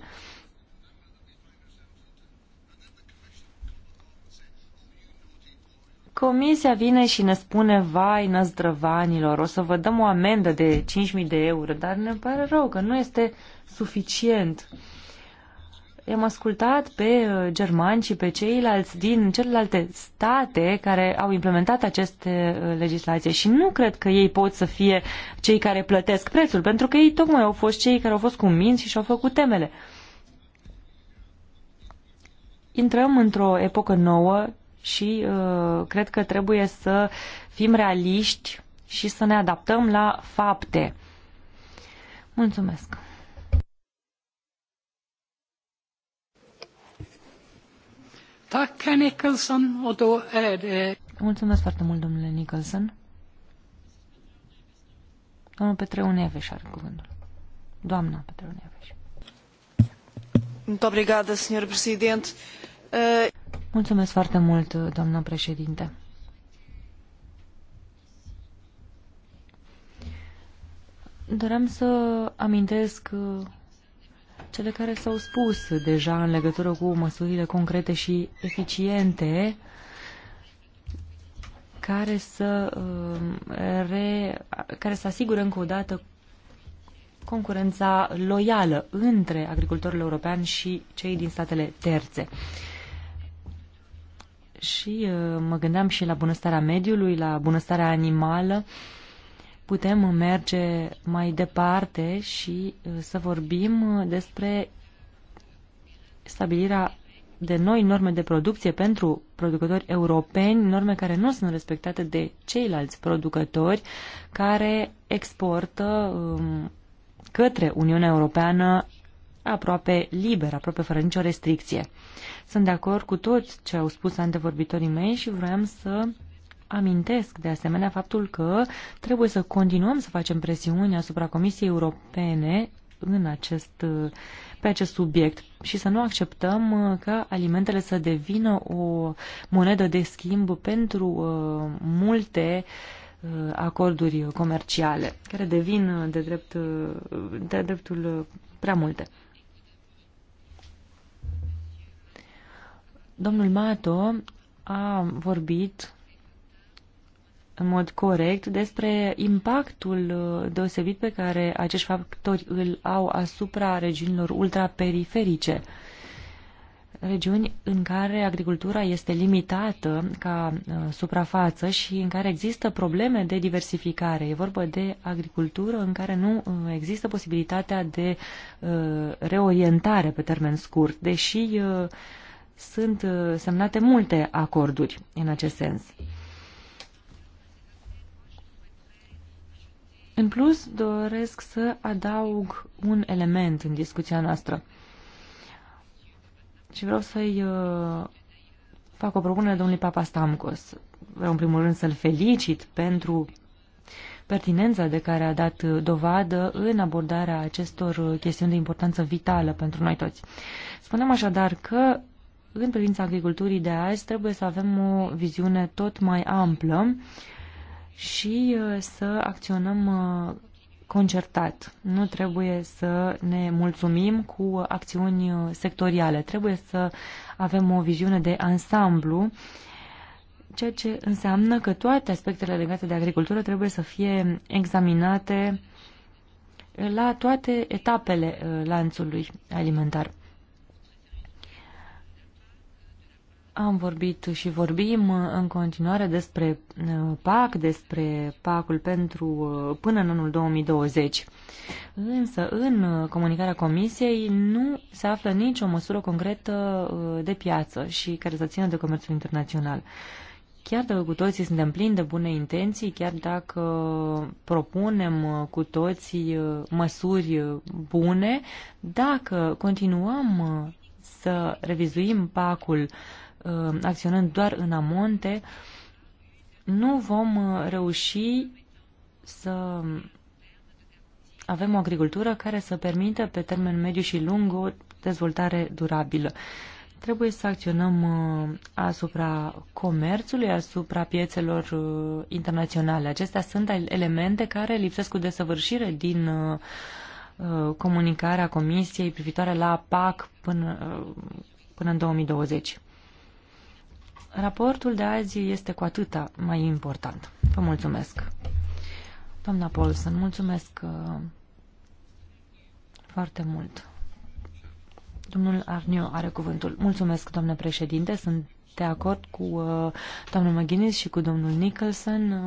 Comisia vine și ne spune, vai, năzdrăvanilor, o să vă dăm o amendă de 5.000 de euro, dar ne pare rău că nu este suficient. Uh, am ascultat pe uh, germani și pe ceilalți din celelalte state care au implementat aceste uh, legislații și nu cred că ei pot să fie cei care plătesc prețul, pentru că ei tocmai au fost cei care au fost minți și și-au făcut temele. Intrăm într-o epocă nouă și uh, cred că trebuie să fim realiști și să ne adaptăm la fapte. Mulțumesc! Mulțumesc foarte mult, domnule Nicholson. Domnul Petreu Neveș are cuvântul. Doamna Petreu Neveș. Obrigada, senhor presidente. Eh, Mulțumesc foarte mult, doamna președinte. Doream să amintesc cele care s-au spus deja în legătură cu măsurile concrete și eficiente care să, um, re, care să asigure încă o dată concurența loială între agricultorul european și cei din statele terțe. Și uh, mă gândeam și la bunăstarea mediului, la bunăstarea animală, putem merge mai departe și uh, să vorbim uh, despre stabilirea de noi norme de producție pentru producători europeni, norme care nu sunt respectate de ceilalți producători care exportă um, către Uniunea Europeană aproape liber, aproape fără nicio restricție. Sunt de acord cu tot ce au spus antevorbitorii mei și vreau să amintesc de asemenea faptul că trebuie să continuăm să facem presiuni asupra Comisiei Europene în acest, pe acest subiect și să nu acceptăm uh, ca alimentele să devină o monedă de schimb pentru uh, multe uh, acorduri comerciale, care devin de, drept, de dreptul prea multe. Domnul Mato a vorbit în mod corect despre impactul uh, deosebit pe care acești factori îl au asupra regiunilor ultraperiferice, regiuni în care agricultura este limitată ca uh, suprafață și în care există probleme de diversificare. E vorba de agricultură în care nu uh, există posibilitatea de reorientare pe termen scurt, deși sunt semnate multe acorduri în acest sens. În plus, doresc să adaug un element în discuția noastră. Și vreau să-i uh, fac o propunere domnului Papa Stamcos. Vreau în primul rând să-l felicit pentru pertinența de care a dat uh, dovadă în abordarea acestor uh, chestiuni de importanță vitală pentru noi toți. Spunem așadar că în privința agriculturii de azi trebuie să avem o viziune tot mai amplă uh, și uh, să acționăm uh, concertat. Nu trebuie să ne mulțumim cu acțiuni uh, sectoriale. Trebuie să avem o viziune de ansamblu, ceea ce înseamnă că toate aspectele legate de agricultură trebuie să fie examinate la toate etapele lanțului alimentar. Am vorbit și vorbim în continuare despre uh, PAC, despre PAC-ul pentru uh, până în anul 2020. Însă, în uh, comunicarea Comisiei nu se află nicio măsură concretă de piață și care să țină de comerțul internațional. Chiar dacă cu toții suntem plini de bune intenții, chiar dacă propunem cu toții măsuri bune, dacă continuăm să revizuim pacul uh, Uh, acționând doar în amonte, nu vom uh, reuși să avem o agricultură care să permită pe termen mediu și lung o dezvoltare durabilă. Trebuie să acționăm uh, asupra comerțului, asupra piețelor internaționale. Acestea sunt elemente care lipsesc cu desăvârșire din comunicarea Comisiei privitoare la PAC până, până în 2020 raportul de azi este cu atâta mai important. Vă mulțumesc. Doamna Paulson, mulțumesc uh, foarte mult. Domnul Arniu are cuvântul. Mulțumesc, domnule președinte. Sunt de acord cu uh, domnul McGuinness și cu domnul Nicholson.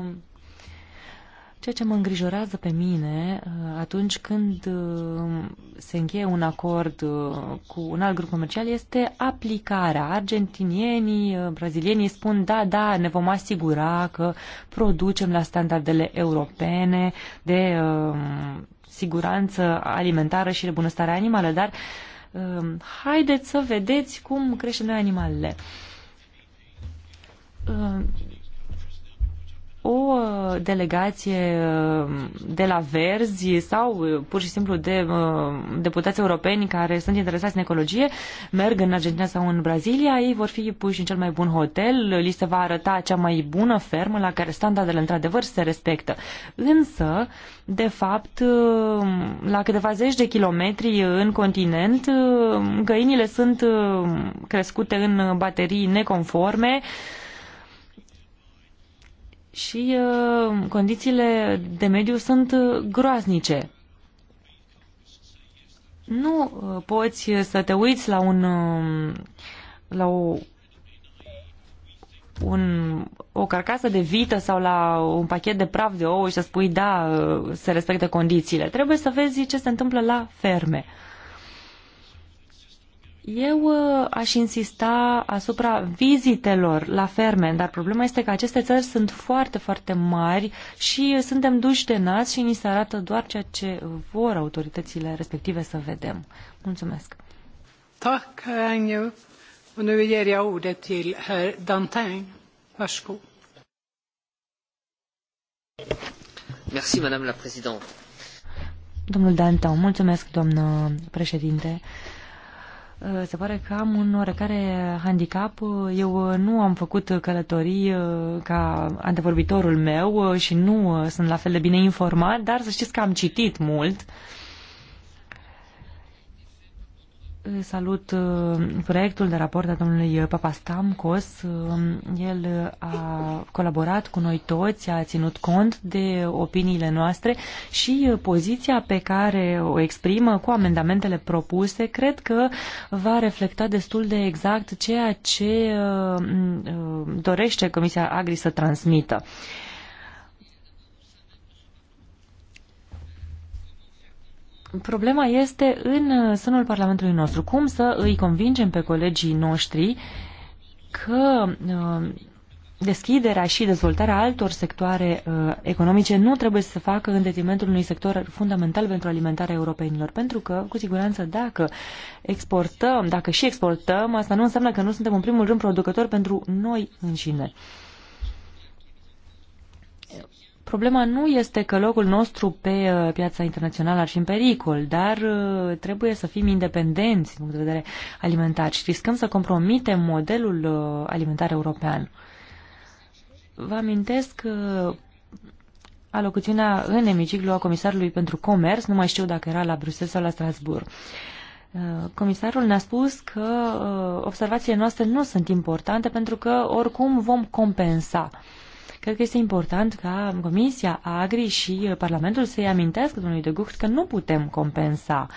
Ceea ce mă îngrijorează pe mine uh, atunci când uh, se încheie un acord uh, cu un alt grup comercial este aplicarea. Argentinienii, brazilienii spun da, da, ne vom asigura că producem la standardele europene de um, siguranță alimentară și de bunăstare animală, dar um, haideți să vedeți cum creștem noi animalele o uh, delegație uh, de la Verzi sau uh, pur și simplu de deputați europeni care sunt interesați în ecologie merg în Argentina sau în Brazilia, ei vor fi puși în cel mai bun hotel, li se va arăta cea mai bună fermă la care standardele într-adevăr se respectă. Însă, de fapt, la câteva zeci de kilometri în continent, găinile sunt crescute în baterii neconforme, și uh, condițiile de mediu sunt uh, groaznice. Nu uh, poți să te uiți la un um, la o un, o carcasă de vită sau la un pachet de praf de ouă și să spui da, uh, se respectă condițiile. Trebuie să vezi ce se întâmplă la ferme. Uh, eu uh, aș insista asupra vizitelor la ferme, dar problema este că aceste țări sunt foarte, foarte mari și suntem duși de nas și ni se arată doar ceea ce vor autoritățile respective să vedem. Mulțumesc. Tak, Agnew. Och nu ger ordet herr Dantin. Varsågod. Merci, madame la présidente. Domnul Dantin, mulțumesc, doamnă președinte. Uh, Eh, se pare că am un oarecare handicap. Eu eh, nu am făcut călătorii eh, ca antevorbitorul meu și nu sunt la fel de bine informat, dar să știți că am citit mult. Salut uh, proiectul de raport a domnului Papastamcos. Uh, el a colaborat cu noi toți, a ținut cont de opiniile noastre și uh, poziția pe care o exprimă cu amendamentele propuse cred că va reflecta destul de exact ceea ce dorește Comisia Agri să transmită. Problema este în sânul Parlamentului nostru. Cum să îi convingem pe colegii noștri că uh, deschiderea și dezvoltarea altor sectoare uh, economice nu trebuie să se facă în detrimentul unui sector fundamental pentru alimentarea europenilor. Pentru că, cu siguranță, dacă exportăm, dacă și exportăm, asta nu înseamnă că nu suntem în primul rând producători pentru noi înșine. Uh, Problema nu este că locul nostru pe uh, piața internațională ar fi în pericol, dar uh, trebuie să fim independenți din punct de vedere alimentar și riscăm să compromitem modelul uh, alimentar european. Vă amintesc alocuțiunea în emiciclu a Comisarului pentru Comerț, nu mai știu dacă era la Bruxelles sau la Strasbourg. Comisarul ne-a spus că observațiile noastre nu sunt importante pentru că oricum vom compensa uh, Cred că este important ca Comisia Agri și Parlamentul să-i amintească domnului de Gucht că nu putem compensa.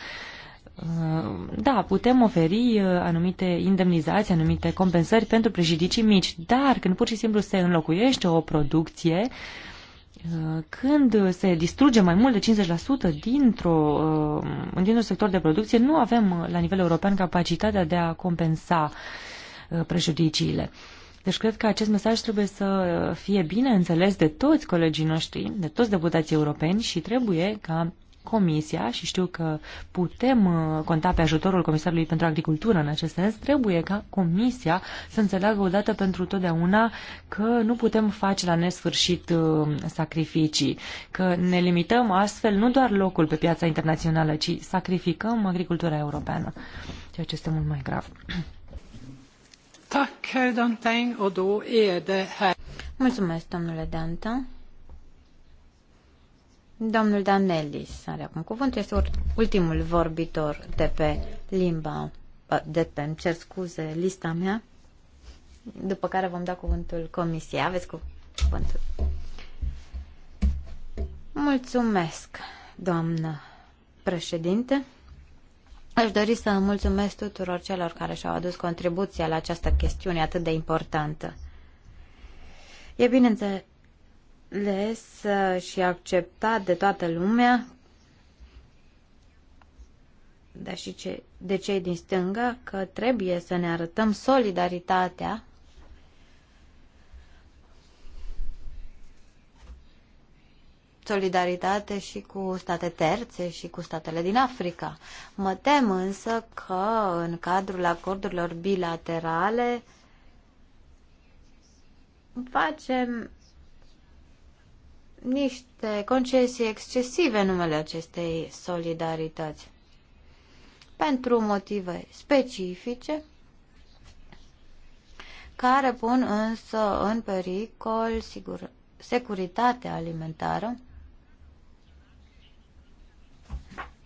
Uh, da, putem oferi uh, anumite indemnizații, anumite compensări pentru prejudicii mici, dar când pur și simplu se înlocuiește o producție, uh, când se distruge mai mult de 50% dintr-o, dintr-un sector de producție, nu avem la nivel european capacitatea de a compensa prejudiciile. Deci cred că acest mesaj trebuie să fie bine înțeles de toți colegii noștri, de toți deputații europeni și trebuie ca Comisia, și știu că putem uh, conta pe ajutorul Comisarului pentru Agricultură în acest sens, trebuie ca Comisia să înțeleagă odată pentru totdeauna că nu putem face la nesfârșit uh, sacrificii, că ne limităm astfel nu doar locul pe piața internațională, ci sacrificăm agricultura europeană, ceea ce este mult mai grav. Mulțumesc, domnule Danta. Domnul Danelis are acum cuvântul, este ultimul vorbitor de pe limba, de pe, îmi cer scuze, lista mea, după care vom da cuvântul comisiei. Aveți cuvântul. Mulțumesc, doamnă președinte. Aș dori să mulțumesc tuturor celor care și-au adus contribuția la această chestiune atât de importantă. E bineînțeles și acceptat de toată lumea, dar și ce, de cei din stânga, că trebuie să ne arătăm solidaritatea solidaritate și cu state terțe și cu statele din Africa. Mă tem însă că în cadrul acordurilor bilaterale facem niște concesii excesive în numele acestei solidarități pentru motive specifice care pun însă în pericol sigur, securitatea alimentară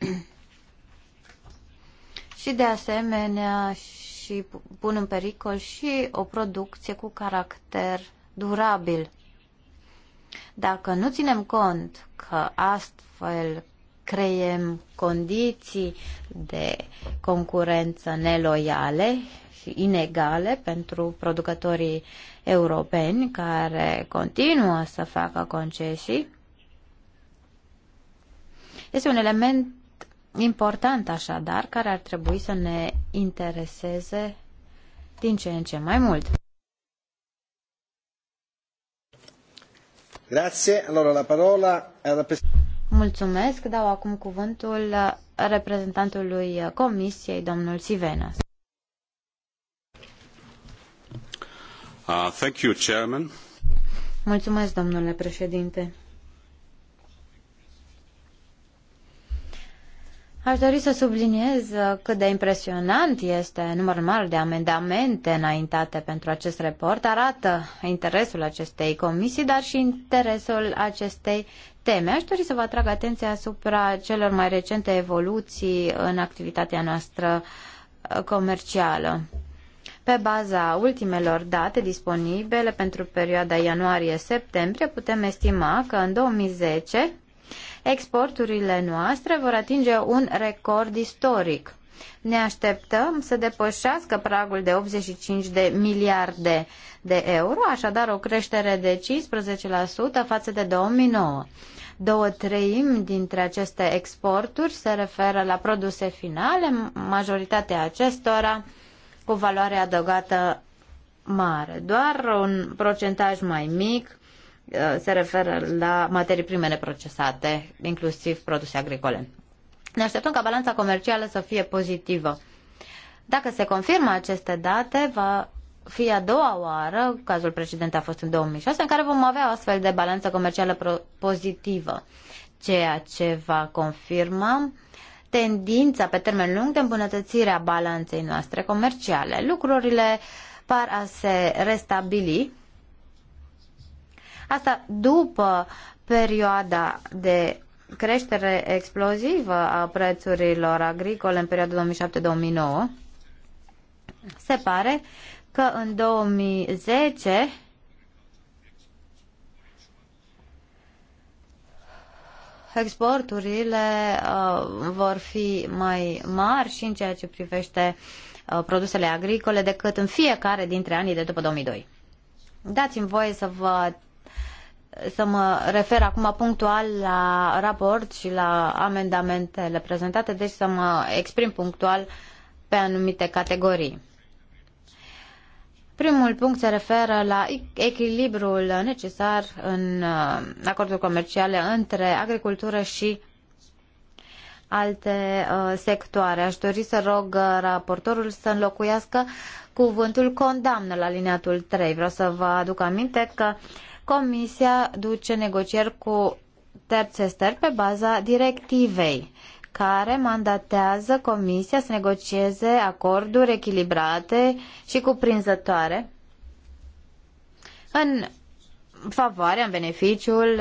și de asemenea și pun în pericol și o producție cu caracter durabil. Dacă nu ținem cont că astfel creiem condiții de concurență neloiale și inegale pentru producătorii europeni care continuă să facă concesii, este un element important așadar, care ar trebui să ne intereseze din ce în ce mai mult. Grazie. Allora la parola Mulțumesc. Dau acum cuvântul reprezentantului Comisiei, domnul Sivenas. Uh, thank you, Chairman. Mulțumesc, domnule președinte. Aș dori să subliniez uh, cât de impresionant este numărul mare de amendamente înaintate pentru acest report. Arată interesul acestei comisii, dar și interesul acestei teme. Aș dori să vă atrag atenția asupra celor mai recente evoluții în activitatea noastră uh, comercială. Pe baza ultimelor date disponibile pentru perioada ianuarie-septembrie, putem estima că în 2010 exporturile noastre vor atinge un record istoric. Ne așteptăm să depășească pragul de 85 de miliarde de euro, așadar o creștere de 15% față de 2009. Două treimi dintre aceste exporturi se referă la produse finale, majoritatea acestora cu valoare adăugată mare. Doar un procentaj mai mic Uh, se referă la materii prime neprocesate, inclusiv produse agricole. Ne așteptăm ca balanța comercială să fie pozitivă. Dacă se confirmă aceste date, va fi a doua oară, cazul precedent a fost în 2006, în care vom avea o astfel de balanță comercială pozitivă, ceea ce va confirma tendința pe termen lung de îmbunătățire a balanței noastre comerciale. Lucrurile par a se restabili Asta după perioada de creștere explozivă a prețurilor agricole în perioada 2007-2009, se pare că în 2010 exporturile uh, vor fi mai mari și în ceea ce privește uh, produsele agricole decât în fiecare dintre anii de după 2002. Dați-mi voie să vă să mă refer acum punctual la raport și la amendamentele prezentate, deci să mă exprim punctual pe anumite categorii. Primul punct se referă la echilibrul necesar în uh, acorduri comerciale între agricultură și alte uh, sectoare. Aș dori să rog uh, raportorul să înlocuiască cuvântul condamnă la liniatul 3. Vreau să vă aduc aminte că uh, Comisia duce negocieri cu terțe stări pe baza directivei care mandatează Comisia să negocieze acorduri echilibrate și cuprinzătoare în favoarea, în beneficiul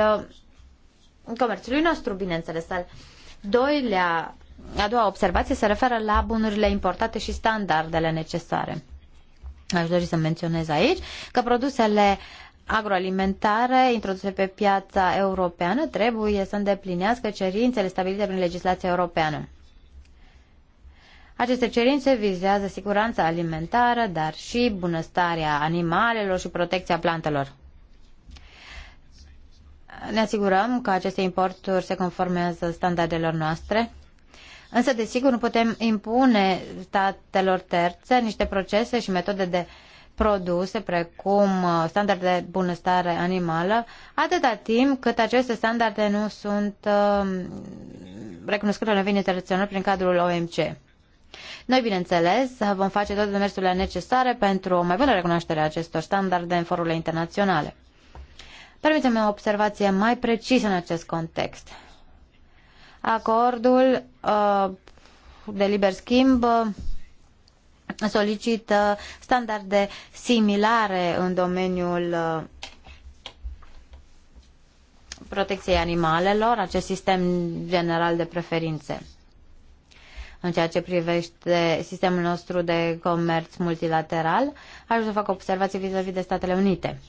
uh, comerțului nostru, bineînțeles, al doilea a doua observație se referă la bunurile importate și standardele necesare. Aș dori să menționez aici că produsele agroalimentare introduse pe piața europeană trebuie să îndeplinească cerințele stabilite prin legislația europeană. Aceste cerințe vizează siguranța alimentară, dar și bunăstarea animalelor și protecția plantelor. Ne asigurăm că aceste importuri se conformează standardelor noastre, însă, desigur, nu putem impune statelor terțe niște procese și metode de uh, produse, precum uh, standarde de bunăstare animală, atâta timp cât aceste standarde nu sunt uh, recunoscute la nivel internațional prin cadrul OMC. Noi, bineînțeles, vom face toate demersurile necesare pentru o mai bună recunoaștere a acestor standarde în forurile internaționale. Permiteți-mi o observație mai precisă în acest context. Acordul uh, de liber schimb uh, solicită standarde similare în domeniul uh, protecției animalelor, acest sistem general de preferințe. În ceea ce privește sistemul nostru de comerț multilateral, aș vrea să fac observații vis-a-vis -vis de Statele Unite.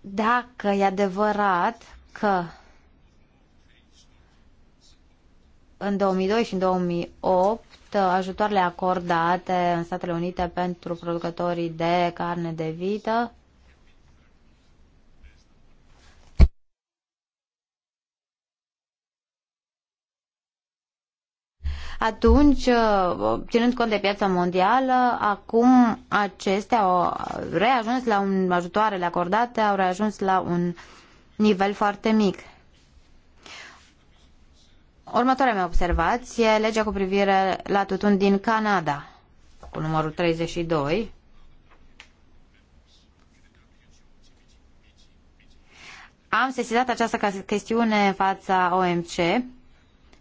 Dacă e adevărat că în 2002 și în 2008 ajutoarele acordate în Statele Unite pentru producătorii de carne de vită. Atunci, ținând cont de piața mondială, acum acestea au reajuns la un ajutoarele acordate, au reajuns la un nivel foarte mic. Următoarea mea observație, legea cu privire la tutun din Canada, cu numărul 32, Am sesizat această chestiune în fața OMC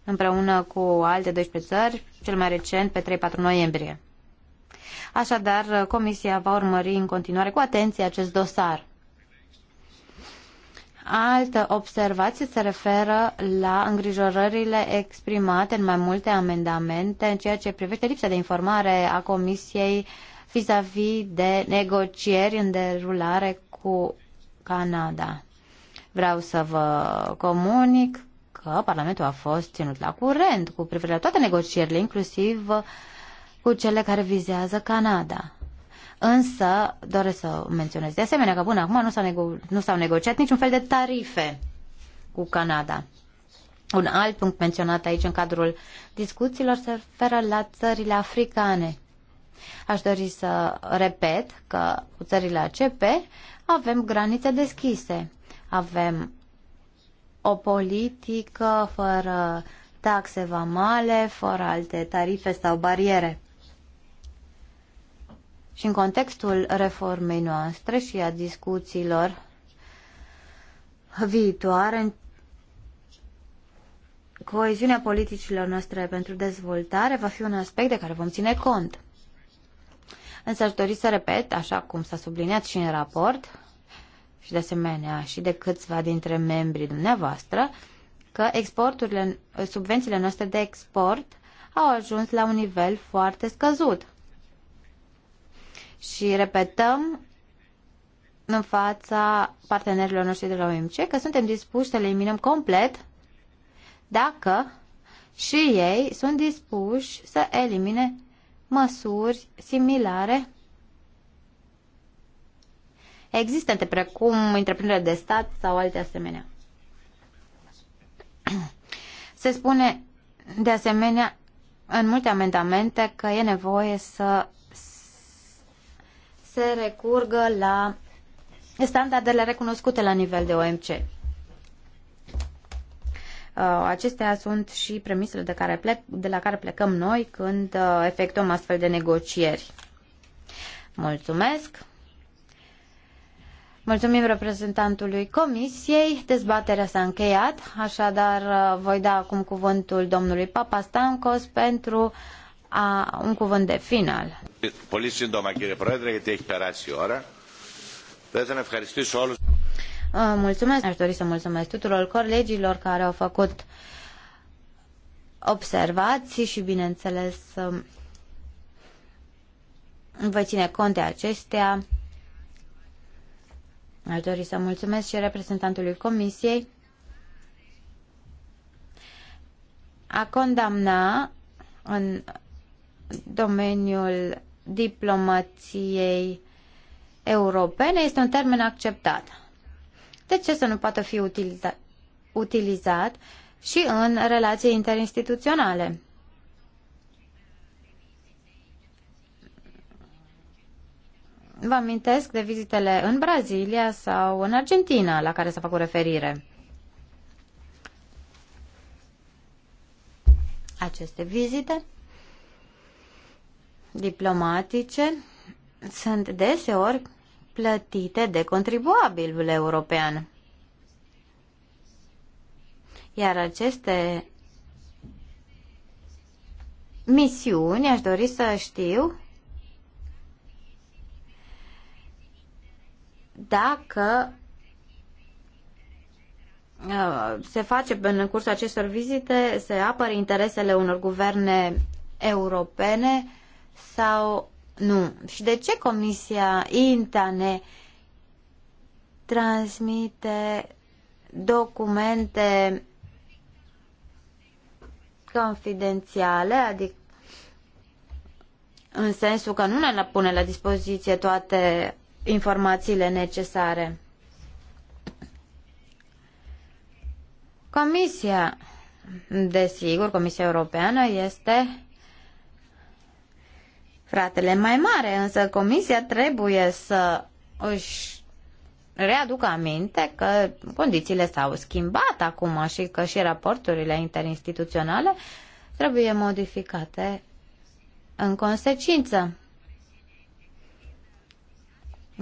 împreună cu alte 12 țări, cel mai recent pe 3-4 noiembrie. Așadar, Comisia va urmări în continuare cu atenție acest dosar. Altă observație se referă la îngrijorările exprimate în mai multe amendamente în ceea ce privește lipsa de informare a Comisiei vis-a-vis -vis de negocieri în derulare cu Canada. Vreau să vă comunic că Parlamentul a fost ținut la curent cu privire la toate negocierile, inclusiv cu cele care vizează Canada. Însă, doresc să menționez de asemenea că până acum nu s-au, nego- nu s-au negociat niciun fel de tarife cu Canada. Un alt punct menționat aici în cadrul discuțiilor se referă la țările africane. Aș dori să repet că cu țările ACP avem granițe deschise. Avem o politică fără taxe vamale, fără alte tarife sau bariere. Și în contextul reformei noastre și a discuțiilor viitoare, coeziunea politicilor noastre pentru dezvoltare va fi un aspect de care vom ține cont. Însă aș dori să repet, așa cum s-a subliniat și în raport, și de asemenea și de câțiva dintre membrii dumneavoastră, că exporturile, subvențiile noastre de export au ajuns la un nivel foarte scăzut și repetăm în fața partenerilor noștri de la OMC că suntem dispuși să le eliminăm complet dacă și ei sunt dispuși să elimine măsuri similare existente, precum întreprinderile de stat sau alte asemenea. Se spune de asemenea în multe amendamente că e nevoie să se recurgă la standardele recunoscute la nivel de OMC. Uh, acestea sunt și premisele de, care plec, de la care plecăm noi când uh, efectuăm astfel de negocieri. Mulțumesc! Mulțumim reprezentantului Comisiei. Dezbaterea s-a încheiat, așadar uh, voi da acum cuvântul domnului Papa Stancos pentru a, un cuvânt de final. Mulțumesc, aș dori să mulțumesc tuturor colegilor care au făcut observații și, bineînțeles, um, voi ține cont de acestea. Aș dori să mulțumesc și reprezentantului Comisiei. A condamna în domeniul diplomației europene este un termen acceptat. De ce să nu poată fi utilizat, utilizat și în relații interinstituționale? Vă amintesc de vizitele în Brazilia sau în Argentina la care s-a făcut referire. Aceste vizite diplomatice sunt deseori plătite de contribuabilul european. Iar aceste misiuni, aș dori să știu dacă uh, se face în cursul acestor vizite, se apără interesele unor guverne europene sau nu? Și de ce Comisia INTA ne transmite documente confidențiale, adică în sensul că nu ne pune la dispoziție toate informațiile necesare. Comisia, desigur, Comisia Europeană este ratele mai mare, însă comisia trebuie să își readuc aminte că condițiile s-au schimbat acum și că și raporturile interinstituționale trebuie modificate în consecință.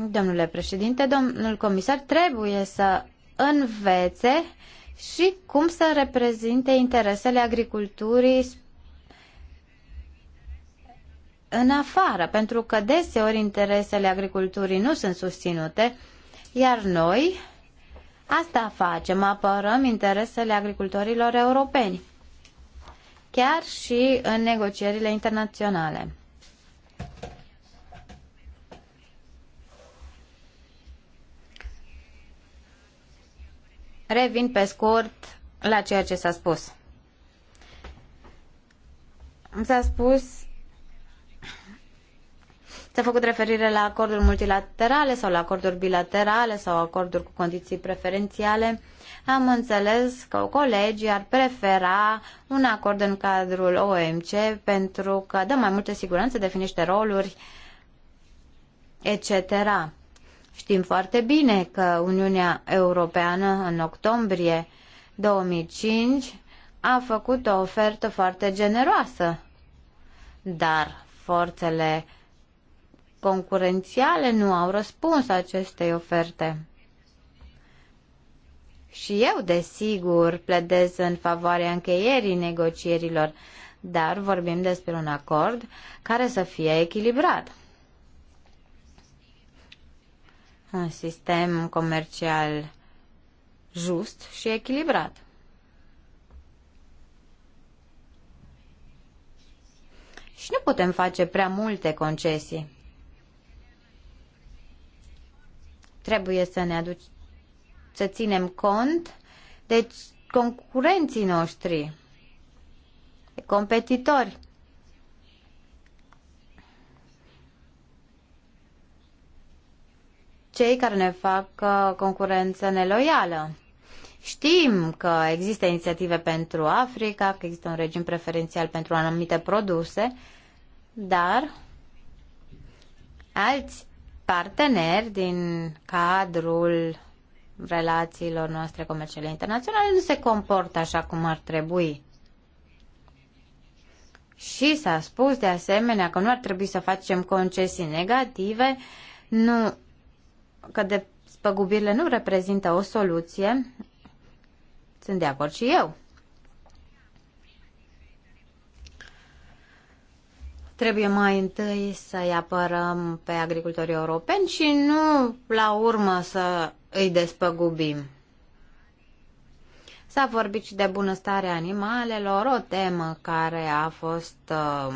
Domnule președinte, domnul comisar trebuie să învețe și cum să reprezinte interesele agriculturii în afară, pentru că deseori interesele agriculturii nu sunt susținute, iar noi asta facem, apărăm interesele agricultorilor europeni, chiar și în negocierile internaționale. Revin pe scurt la ceea ce s-a spus. S-a spus S-a făcut referire la acorduri multilaterale sau la acorduri bilaterale sau acorduri cu condiții preferențiale. Am înțeles că colegii ar prefera un acord în cadrul OMC pentru că dă mai multă siguranță, definește roluri, etc. Știm foarte bine că Uniunea Europeană în octombrie 2005 a făcut o ofertă foarte generoasă, dar forțele concurențiale nu au răspuns acestei oferte. Și eu, desigur, pledez în favoarea încheierii negocierilor, dar vorbim despre un acord care să fie echilibrat. Un sistem comercial just și echilibrat. Și nu putem face prea multe concesii. trebuie să ne aduci, să ținem cont de deci, concurenții noștri, de competitori. Cei care ne fac uh, concurență neloială. Știm că există inițiative pentru Africa, că există un regim preferențial pentru anumite produse, dar alți parteneri din cadrul relațiilor noastre comerciale internaționale nu se comportă așa cum ar trebui. Și s-a spus de asemenea că nu ar trebui să facem concesii negative, nu, că de spăgubirile nu reprezintă o soluție. Sunt de acord și eu. Trebuie mai întâi să-i apărăm pe agricultorii europeni și nu la urmă să îi despăgubim. S-a vorbit și de bunăstarea animalelor, o temă care a fost uh,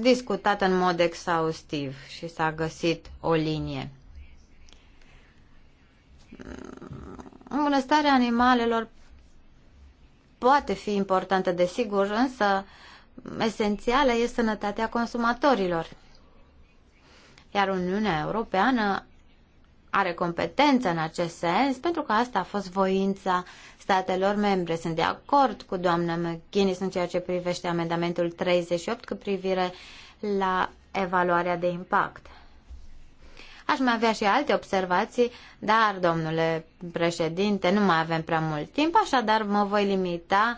discutată în mod exhaustiv și s-a găsit o linie. Mm, bunăstarea animalelor poate fi importantă, desigur, însă uh, esențială este sănătatea consumatorilor. Iar Uniunea Europeană are competență în acest sens, pentru că asta a fost voința statelor membre. Sunt de acord cu doamna McGuinness în ceea ce privește amendamentul 38 cu privire la evaluarea de impact. Aș mai avea și alte observații, dar, domnule președinte, nu mai avem prea mult timp, așadar mă voi limita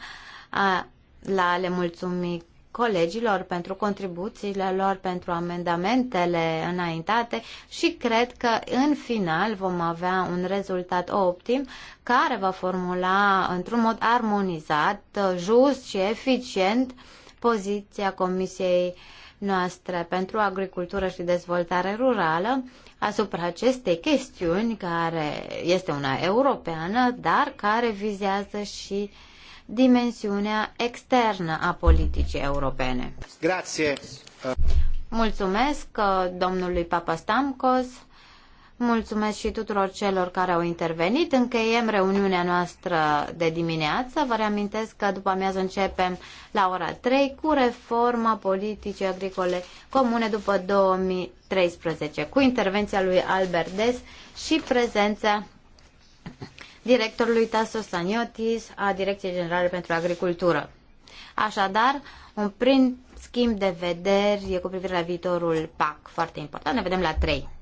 a, la le mulțumi colegilor pentru contribuțiile lor, pentru amendamentele înaintate și cred că în final vom avea un rezultat optim care va formula într-un mod armonizat, just și eficient poziția Comisiei noastre pentru agricultură și dezvoltare rurală asupra acestei chestiuni care este una europeană, dar care vizează și uh, dimensiunea externă a politicii europene. Grazie. Mulțumesc uh, domnului Papastamcos. Mulțumesc și tuturor celor care au intervenit. Încheiem reuniunea noastră de dimineață. Vă reamintesc că după amiază începem la ora 3 cu reforma politicii agricole comune după 2013, cu intervenția lui Albert Des și prezența directorului Tasso Saniotis a Direcției Generale pentru Agricultură. Așadar, un prim schimb de vederi cu privire la viitorul PAC, foarte important, ne vedem la 3.